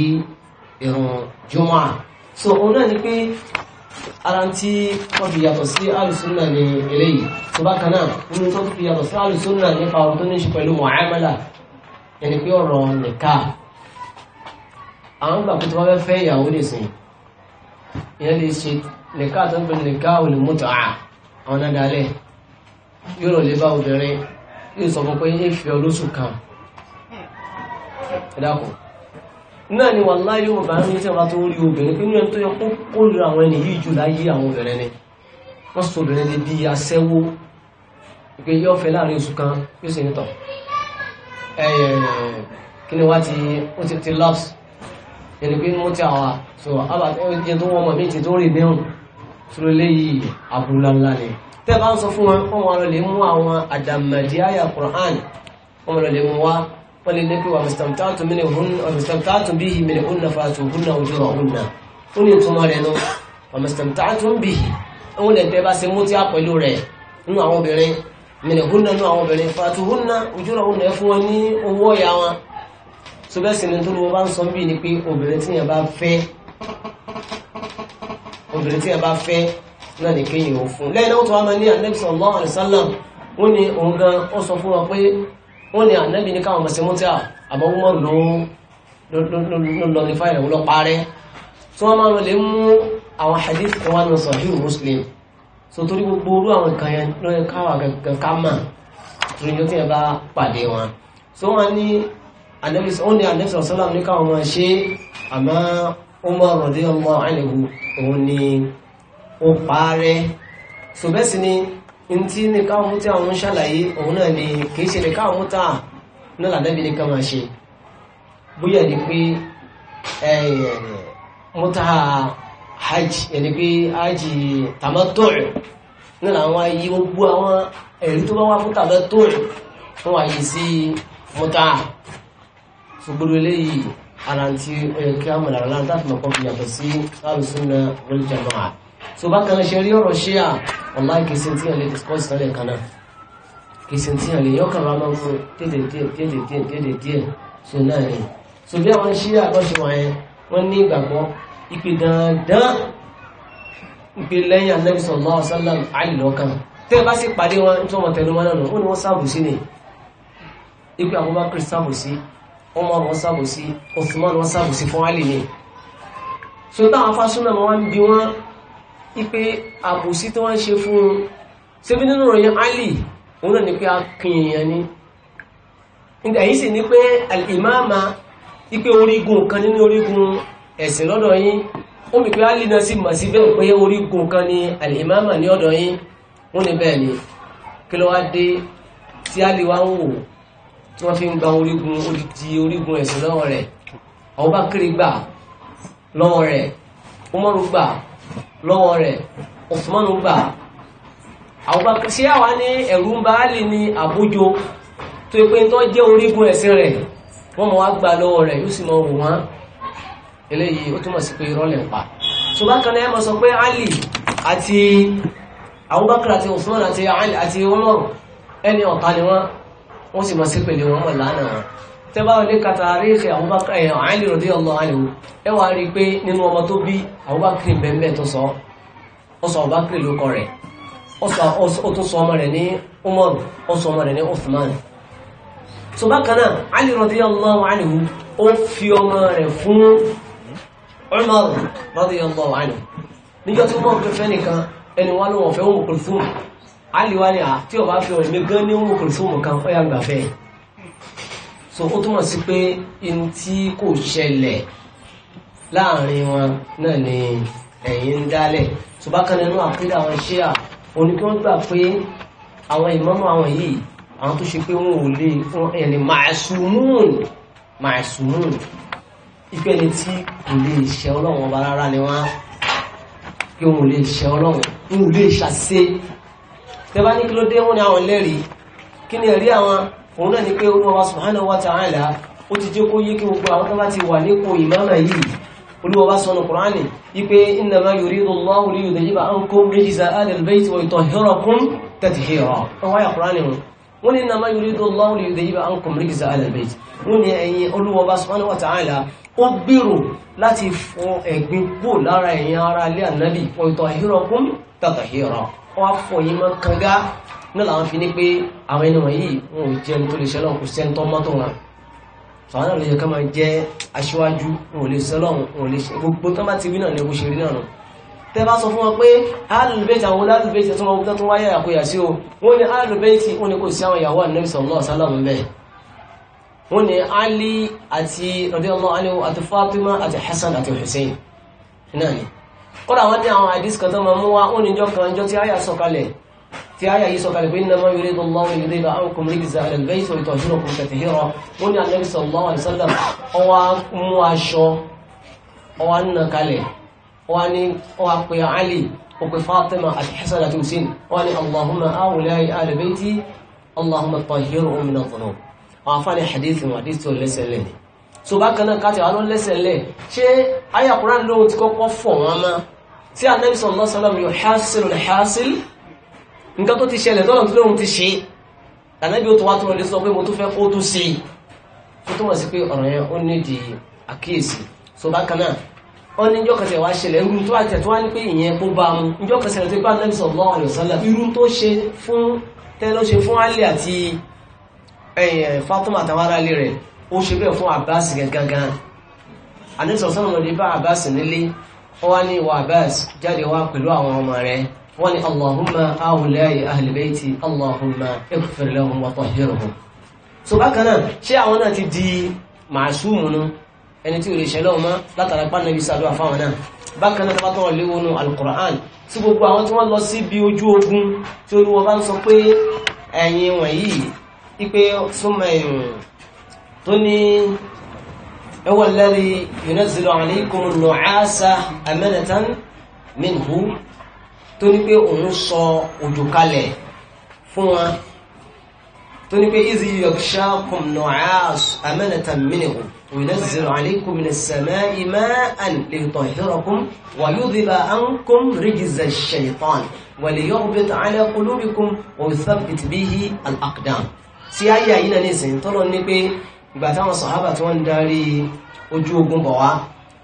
ìrun jùmọ̀ so òun náà ni pé ara tí wọ́n fi yàtọ̀ sí alùsùnà ní eléyìí tó bá kan náà nínú tó fi yàtọ̀ sí alùsùnà nípa ọ̀rọ̀ tó ní ṣe pẹ̀lú muamala ẹni pé ọ̀rọ̀ nìka àwọn gbàgbé tó bá fẹ́ fẹ́ ìyàwó lè sìn ìyẹn lè ṣe nìka tó ń pè nìka olùmọ́tò àá àwọn náà dalẹ̀ yóò lọ lé bá obìnrin yóò sọ fún pé ń fi olóṣù kan ẹ̀dàkùn náà ni wàlá yóò bá ń sẹ́wà tó rí obìnrin pé ní ẹni tó yẹ kó kó lu àwọn ẹni yìí jù láyé àwọn obìnrin ni wọ́n sọ obìnrin ni bí aṣẹ́wó pé yóò fẹ́ láàrin oṣù kan yóò sì ní kí ni wá ti ó ti ti laps ẹni pé mo ti àwà so àbàtọ́ ìjẹun tó wọ́n mọ̀ mí ti tó rí mìíràn sọ̀rọ̀ eléyìí abúlá ni tẹ́ bá ń sọ fún wọn wọ́n wọn lọ lè mú àwọn àdàmàdì àyà Qur'an wọ́n lọ lè mú wá wọ́n lè ní pé wà mùsùlùmí mi ni hun wà mùsùlùmí bí mi ni hun na fàtó hun na ojú rọ̀ hun na ó ní ìtumọ̀ rẹ̀ nu wà mùsùlùmí bí wọ́n lè tẹ́ bá ṣe mú tí a pẹ̀lú rẹ̀ nínú àwọn obìnrin mi ni hun na nínú àwọn obìnrin fàtó hun na ojú rọ̀ hun na fún wọn ní owó ọ̀yà wọn so bẹ́ẹ̀ sì ni tó ló bá ń sọ bí ni pé obìnrin tí yẹn bá fẹ́ obìnrin tí ẹ bá fẹ́ náà ní kéyìn ò fún lẹ́yìn náà tó wá máa ní anabi sallallahu alaihi wasallam wọ́n ní òun gan ó sọ fún wa pé wọ́n ní anabi ní káwọn mọ̀sí mọ́tí àmọ́ wọ́n lò ó lọ nífà ìrẹ̀wò lọ parẹ́ tí wọ́n máa lè mú àwọn hadith kan wá nù sahih muslim so torí gbogbo orú àwọn nǹkan yẹn lọ́yẹ káwà gẹ̀gẹ̀ ká mà torí yóò tí ẹ bá pàdé wọn so wọ́n ní anabi sallallahu alaihi wasallam ní káwọn máa ṣe àmọ́ Umar radiyallahu anhu òun ni ó parẹ́ ṣùgbẹ́sì ni ntí ní káwọn mú tí àwọn ń ṣàlàyé òun náà ni kìí ṣe ní káwọn mú tà náà làdẹ́bí ní kan máa ṣe bóyá ni pé mútà hajj ẹni pé hajj tàmátọ́ọ̀ náà làwọn ayé gbogbo àwọn ẹ̀rí tó bá wá fún tàmátọ́ọ̀ fún àyè sí mútà ṣùgbọ́n eléyìí ara tí ó yẹ kí á mọ̀ lára láti láti mọ̀kọ́ fi yàtọ̀ sí alùsùnà wal-jamaa tó bá kan ṣe rí ọ̀rọ̀ ṣe à wallahi kìsìn tí yàn lè discourse kan lè kan náà kìsìn tí yàn lè yọkàn rà máa ń mú tètè tètè díẹ̀ tó náà ni tó bí àwọn ṣe àkọ́ṣe wọn yẹn wọ́n ní ìgbàgbọ́ dandan ìpè lẹ́yìn anabi sallallahu alaihi wasallam àìlọ́kàn tẹ́ ẹ bá sì pàdé wọn tí wọ́n tẹnu wọn náà nù ó ní wọ́n sáàbù sí ni ìpè Abubakar sáàbù sí Umar wọn sàbòsí Uthman wọn sàbòsí fún Ali ni so táwọn afásúnà wọn bí wọn ipe àbòsí tí wọ́n ṣe fún un ṣébí nínú ròyìn Ali òun náà ni pé akin èèyàn ni nígbà yìí sì ni pé al-imama ipe orígun kan nínú orígun ẹ̀sìn lọ́dọ̀ yín ó mi pé Ali náà sì mọ̀ sí bẹ́ẹ̀ pé orígun kan ni al-imama ní ọ̀dọ̀ yín wọ́n ní bẹ́ẹ̀ ni kí ló wá dé tí Ali wá ń wò tí wọ́n fi ń gba orígun odidi orígun ẹ̀sìn lọ́wọ́ rẹ̀ àwọn bá kiri gbà lọ́wọ́ rẹ̀ umaru gbà lọ́wọ́ rẹ̀ osmanu gbà àwọn bá kiri ṣé àwa ní ẹ̀rú ń bá lè ní àbójọ tó pé tó jẹ́ orígun ẹ̀sìn rẹ̀ wọ́n mọ̀ wá gbà lọ́wọ́ rẹ̀ yóò sì mọ̀ wò wọ́n eléyìí ó túmọ̀ sí pé irọ́ pa ṣùgbọ́n kan ẹ mọ̀ sọ pé ali àti Abubakar àti Usman àti ali àti Umar ẹni ọ̀tá ni wọ́n wọ́n sì máa ṣépè lé wọn mọ̀ lánàá wọn tẹ́bá olè kàtàrí ìkẹ́ Abubakar ẹ̀yàn àìlè rọ̀dí ọlọ́ àìlèwò ẹ wà rí i pé nínú ọmọ tó bí Abubakar bẹ́ẹ̀ tó sọ ọ sọ Abubakar ló kọ rẹ̀ ó tún sọ ọmọ rẹ̀ ní Umar ó sọ ọmọ rẹ̀ ní Uthman so bákan náà àìlè rọ̀dí fi ọmọ rẹ̀ fún Umar rọ̀dí ọlọ́ àìlèwò níjọ́ tí wọ́n fẹ́ nìkan ẹni wá ló fẹ́ wọn kò fún aliwa ni àti ọba fi ọ̀rẹ́ mi gan ní òun kò sóhun kan ọ̀yà gbà so ó túmọ̀ sí pé n tí kò ṣẹlẹ̀ láàrin wọn náà ni ẹ̀yin ń dálẹ̀ tó bá kan nínú àpéjà àwọn iṣẹ́ à òní kí wọ́n gbà pé àwọn ìmọ̀mọ́ àwọn yìí àwọn tó ṣe pé wọn ò lè fún ẹni màásùmùn màásùmùn ipe ẹni tí kò lè ṣe ọlọ́run ọba rárá ni wọ́n pé wọn ò lè ṣe ọlọ́run wọn ò lè ṣàṣe tẹ́bá ní kí ló dé wọ́n ní àwọn lẹ́rìí kí ni ẹ̀rí àwọn òun náà ni pé Olúwa subhanahu wa ta'ala ó ti jẹ́ kó yé kí gbogbo àwọn tó bá ti wà nípò ìmáàmà yìí Olúwa sọnù Kùránì wípé innama yuridu Allahu liyudhhiba ankum rijza ahlil bayti wa yutahhirakum tathira ọwọ́ yà Kùránì wọn wọ́n ní innama ó gbèrò láti fọ ẹ̀gbin kúrò lára ẹ̀yin ara ilé Ànábì wa yutahhirakum tathira wọ́n á fọ̀ yín mọ́ kanga náà làwọn fi ní pé àwọn ẹni wọ̀nyí wọn ò jẹun tó lè ṣe lọ́wọ́ kò sẹ́ńtọ́ mọ́tò wọn fàwọn náà lè yẹ ká máa jẹ́ aṣíwájú wọn ò lè ṣe lọ́wọ́ wọn ò lè ṣe gbogbo tó bá ti wí náà ni kò ṣe rí náà nù tẹ bá sọ fún wọn pé alùbẹ́tì àwọn olùbẹ́tì tó wọn tó wáyé àkóyà sí o wọ́n ní alùbẹ́tì wọ́n ní kò sí àwọn ìyàwó ànábì sallallahu alaihi wasallam bẹ́ẹ̀ wọ́n ní Ali àti radiyallahu anhu àti Fatima àti Hasan àti Hussein náà ni kọ́dà wọ́n ní àwọn àdís kan tó máa mú wá ó níjọ́ kan jọ tí àyà sọ̀kalẹ̀ tí àyà yìí sọ̀kalẹ̀ pé innama yuridu Allahu liyudhiba ankum rijza ahlal bayti wa yutahhirakum tathira ó ní Ànábì sallallahu alaihi wasallam ọwá mú aṣọ ọwá nà kalẹ̀ ọwá ní ọwá pé Ali ó pé Fatima àti Hasan àti Hussein ọwá ní Allahumma ha'ula'i ahlu bayti Allahumma tahhirhum àwọn afáàní hadith wọn àdís tó lẹ́sẹ̀ lẹ́ni so bákan náà káàtì àwọn lẹ́sẹ̀ lẹ́ tí Ànábì sallallahu alaihi wasallam yuhasilu al-hasil nǹkan tó ti ṣẹlẹ̀ tọ́lọ̀ tó lóhun ti ṣe Ànábì ó tó wá tó rẹ̀ sọ pé mo tó fẹ́ kó tó ṣe tó túnmọ̀ sí pé ọ̀rọ̀ yẹn ó nídìí àkíyèsí so bákan náà wọ́n ní ìjọkẹsẹ̀ wá ṣẹlẹ̀ irú tó àti ẹ̀tọ́ wá ní pé ìyẹn kó bá mu ìjọkẹsẹ̀ rẹ̀ tó bá Ànábì sallallahu alaihi wasallam tó ṣe fún tẹ́lọ́ ṣe fún Ali àti Fatima àtàwárá ilé rẹ̀ ó ṣe bẹ́ẹ̀ fún Abbas gangan Ànábì sallallahu alaihi wọ́n ní ìwà Abbas jáde wá pẹ̀lú àwọn ọmọ rẹ̀ wọ́n ní Allahumma awulayi ahli bayti Allahumma ighfir lahum wa tahhirhum so bákan náà ṣé àwọn náà ti di màásùmù nu ẹni tí ò lè ṣẹlẹ̀ ọmọ látara pánàbí sàdúrà fáwọn náà bákan náà tọ́wọ́ léwó nu alukur'an tí gbogbo àwọn tí wọ́n lọ sí bí ojú ogun tí olúwọ́ هو الذي ينزل عليكم النعاس أمنة منه tó ní pé òun sọ òjò kalẹ̀ fún wọn tó ní pé izi yaghshakum nu'as amanatan minhu wa yunazzilu alaykum minas sama'i ma'an liyutahhirakum wa yudhiba ankum rijza ash-shaytan wa liyurbit ala qulubikum wa yuthabbit bihi al-aqdam sí ayé àyínà nísìnyí tọ́lọ́ ní pé ìgbà táwọn sọ̀hábà tí wọ́n ń darí ojú ogun bọ̀ wá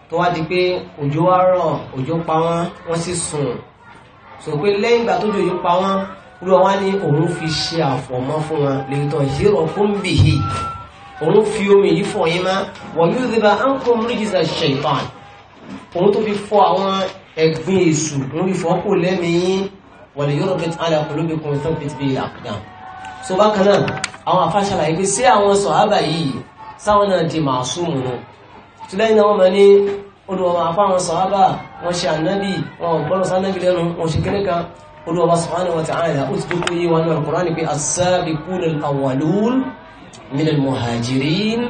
tó wá di pé òjò wá rọ̀ òjò pa wọ́n wọ́n sì sùn sọ pé lẹ́yìn ìgbà tójò yìí pa wọ́n olúwa wá ní òun fi ṣe àfọ̀mọ́ fún wọn lèyìn tó yí rọ̀ fún bìhì òun fi omi yìí fọ̀ yín má wọ́n yóò dé bá ánkọ́ mìíràn ṣẹ̀tàn òun tó fi fọ̀ àwọn ẹ̀gbin èṣù òun fi fọ́ kò lẹ́mìí wọ́n lè yọ̀rọ̀ bẹ́ẹ̀ alẹ́ kò lóbi kò tó fi ti bí àkùdà so bákan náà àwọn àfáṣàlà yìí pé sí àwọn sọ̀hábà yìí sáwọn náà di màásùmù nù tùlẹ́yìn náà wọ́n mọ̀ ní olùwọ̀n àfá àwọn sọ̀hábà wọ́n ṣe ànábì wọn gbọ́dọ̀ sánábì lẹ́nu wọn ṣe kéré kan olùwọ̀n subhanahu wa ta'ala ó ti tó kó wọn náà kúrán pé as-sabiqun al-awwalun muhajirin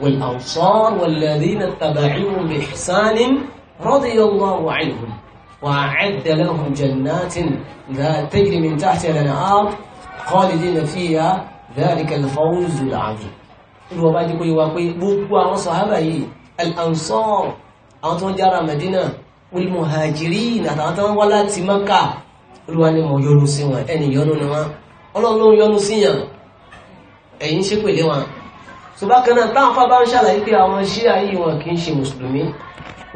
wal-ansar wal-ladhina taba'uhum bi ihsanin radiyallahu anhum خالدين فيها ذلك الفوز العظيم، al-azim nínú ọba jí kó yíwa pé gbogbo àwọn sàhábà yìí al-ansar àwọn tó ń jára Madina wal muhajirin àtàwọn tó ń wá láti Maka olúwa ni mo yọnu sí wọn ẹni yọnu ni wọn ọlọ́run ló ń yọnu sí yàn ẹ̀yin ṣépèlé wọn ṣùgbọ́n kan náà táwọn fábá ń ṣàlàyé pé àwọn ṣíà yìí wọn kì í ṣe mùsùlùmí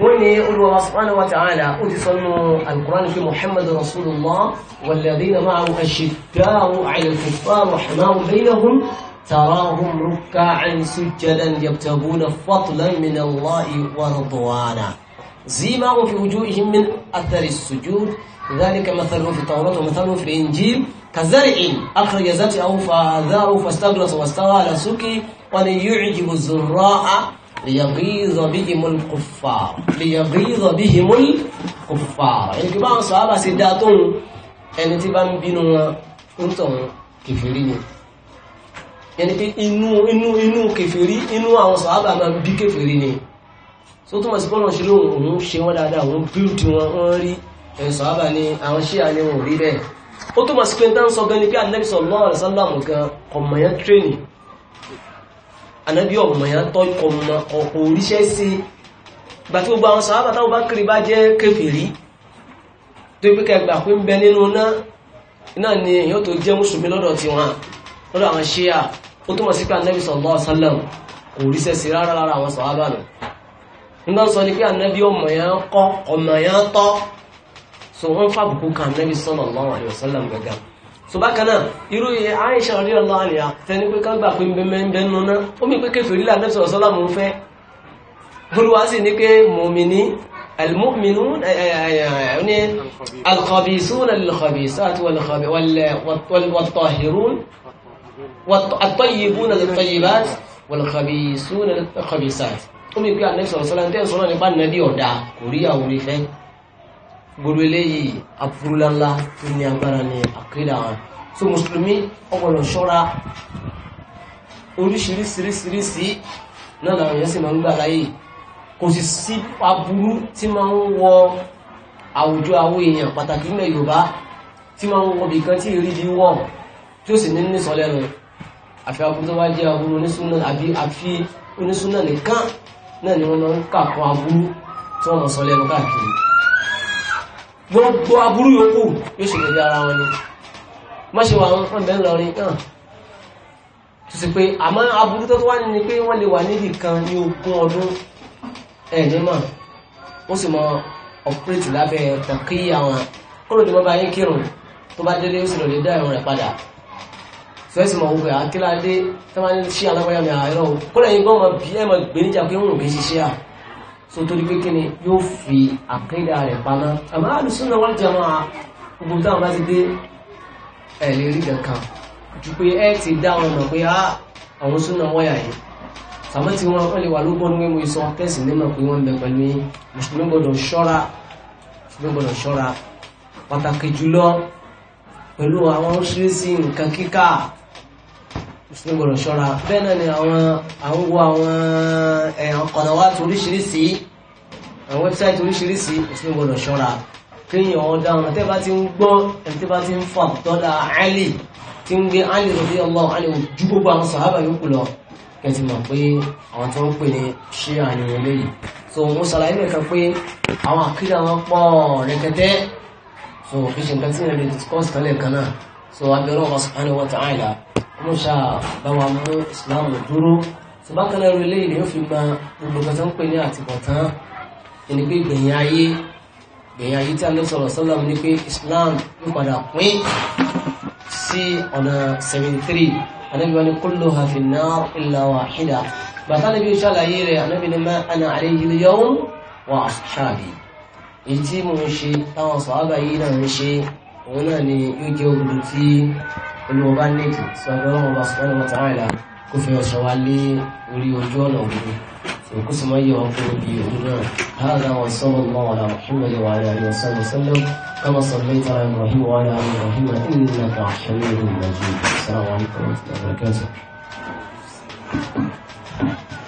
وإني الله سبحانه وتعالى أتي صنو القرآن في محمد رسول الله والذين معه أشداء على الكفار وحماء بينهم تراهم ركعا سجدا يبتغون فضلا من الله ورضوانا زيما في وجوههم من أثر السجود ذلك مثل في التوراة ومثل في الإنجيل كزرع أخرج ذاته فأذاره فاستغلص واستوى سكي ولن يعجب الزراء liyaghiza bihimul kuffar liyaghiza bihimul kuffar ẹni kí báwọn sọ àbá sí dáa tóun ẹni tí bá ń bínú wọn ń tọ̀hún kìfìrí ni ẹni pé inú inú inú kìfìrí inú àwọn sọ àbá máa ń bí kìfìrí ni tó túnmọ̀ sí bọ́lọ̀ ṣe lóhun òun ṣe wọ́n dáadáa òun bíútì wọn wọ́n rí ẹ̀sọ̀ àbá ni àwọn ṣíà ni wọn rí bẹ́ẹ̀ ó túnmọ̀ sí pé ń tán sọ gan ni pé ànábì sallallahu alaihi wasallam gan kọ̀mọ̀yán tírénì anábí ọmọ ya tọ́ ọmọ ọ̀pọ̀ oríṣẹ́ sí gbà tí gbogbo àwọn sàábà táwọn bá kiri bá jẹ́ kèfèrí tó pé kẹgbà pé ń bẹ nínú náà ni èyàn tó jẹ́ mùsùlùmí lọ́dọ̀ ti wọn lọ́dọ̀ àwọn ṣíà ó túnmọ̀ sí pé anábí sallallahu alaihi wasallam kò ríṣẹ́ sí rárá lára àwọn sàábà nù nígbà sọ ni pé anábí ọmọ ya kọ́ ọmọ ya tọ́ so wọ́n fàbùkù kan anábí sallallahu alaihi wasallam gàgàmù sọbákanáà irú Aisha radiyallahu anha tẹni pé ká gbà pé bẹ́ẹ̀ nùnà ó mi pé kèfèrí là nẹ́bí sọ̀rọ̀sọ́lá mú fẹ́ olúwa sì ní pé mùmìnì المؤمنون الخبيثون للخبيثات والطاهرون الطيبون للطيبات والخبيثون للخبيثات ó mi pé ànẹ́bí sọ̀rọ̀sọ́lá tẹ́ sọ́rọ̀ nípa nàbí ọ̀dà kò rí àwọn orí fẹ́ gbogbo eléyìí afurulala tó ní agbára ní àkídà wọn so mùsùlùmí ọgbọ̀nà ṣọ́ra oríṣiríṣiríṣiríṣi náà làwọn èèyàn sì máa ń gbà láyè kò sì sí aburú tí máa ń wọ àwùjọ àwọn èèyàn pàtàkì nílẹ̀ Yorùbá tí máa ń wọ bìkan tí ìrírí wọ̀ tí ó sì ní nísọlẹ́nu àfi aburú tó bá jẹ́ aburú onísúná àbí àfi onísúná nìkan náà ni wọ́n máa ń kà fún aburú tí wọ́n máa sọ lẹ́nu káàkiri gbogbo aburú yòókù yóò ṣe lórí ara wọn ni má ṣe wà wọn fún ìbẹ́ ńlọrin náà tó sì pé àmọ́ aburú tó tó wá ní pé wọ́n lè wà níbì kan ní ogún ọdún ẹ̀ẹ́dẹ́mà ó sì mọ ọ̀pẹ́rẹ́tì lábẹ́ tàkì àwọn kúrò ní bàbá yín kírun tó bá délé ó sì lọ́ọ́ lè dá ìrun rẹ̀ padà fẹ́sì mọ̀ wọ́pẹ́ àkíládé tó máa ń ṣí alágbáyà mi àárọ̀ kó lẹ́yìn gbọ́n mọ̀ bí ẹ̀ mọ̀ gbé níjà pé ń rùn kì í ṣiṣẹ́ so torí pé kí ni yóò fi àkídà rẹ̀ paná àmọ́ àlùsùnà wal jamaa gbogbo táwọn bá ti dé ẹ̀ lè rí kankan ju pé ẹ ti dá wọn mọ̀ pé àwọn súnà wọ́yà yìí sàmọ́ tí wọ́n lè wà lóbọ́n ní mo sọ tẹ́sì nínú pé wọ́n bẹ pẹ̀lú mùsùlùmí gbọ́dọ̀ ṣọ́ra mùsùlùmí gbọ́dọ̀ ṣọ́ra pàtàkì jùlọ pẹ̀lú àwọn oríṣiríṣi nǹkan kíkà mùsùlùmí gbọdọ̀ ṣọ́ra bẹ́ẹ̀ náà ni àwọn àwọn wo àwọn ẹ̀hàn kọ̀nàwáàtì oríṣiríṣi àwọn wẹ́bísáìtì oríṣiríṣi mùsùlùmí gbọdọ̀ ṣọ́ra kéèyàn ọ̀dà ọ̀nà tẹ́ bá ti ń gbọ́ ẹni tẹ́ bá ti ń fà tọ́da Àlì tí ń gbé Àlì rọ̀bí ọlọ́ Àlì ojú gbogbo àwọn sàhábà yòókù lọ kẹ́tì mọ̀ pé àwọn tó ń pè ní ṣé àyẹ̀wò lẹ́yìn so mo ṣàlàyé nìkan pé àwọn àkídà wọn pọ̀ rẹ̀kẹ̀tẹ̀ so kì í ṣe nǹkan tí ìrìn discourse kan lẹ́ẹ̀kan náà so abẹ́rẹ́ wọn subhanahu wa ta'ala wọ́n ṣáà bá wa mú ìsìláàmù dúró ṣùgbọ́n ẹrù ilé ìlú fi ma gbogbo kan tó ń pè ní àtìbọ̀tán ẹni pé gbẹ̀yìn ayé gbẹ̀yìn ayé tí a lè sọ̀rọ̀ sọ́lọ́mù ni pé Islam ń padà pín sí ọ̀nà 73 anábì wa ni kulluha fin nar illa wahida bàtà níbi iṣẹ́ àlàyé rẹ̀ anábì ni ma ana alayhi al-yawm èyí tí mo ń ṣe táwọn sọ̀hábà yìí náà ń ṣe òun náà ni yóò jẹ́ olùdó tí olówó bá nídìí sọ abẹ́rẹ́ wọn bá sọ́nà wọn tààrà ìlà kó fi ọ̀sọ̀ wa lé orí ojú ọ̀nà òun òkú sì máa yẹ wọn kúrò bí òun náà هذا وصلى الله على محمد وعلى اله وصحبه وسلم كما صليت على ابراهيم وعلى ال ابراهيم انك حميد مجيد السلام عليكم ورحمه الله وبركاته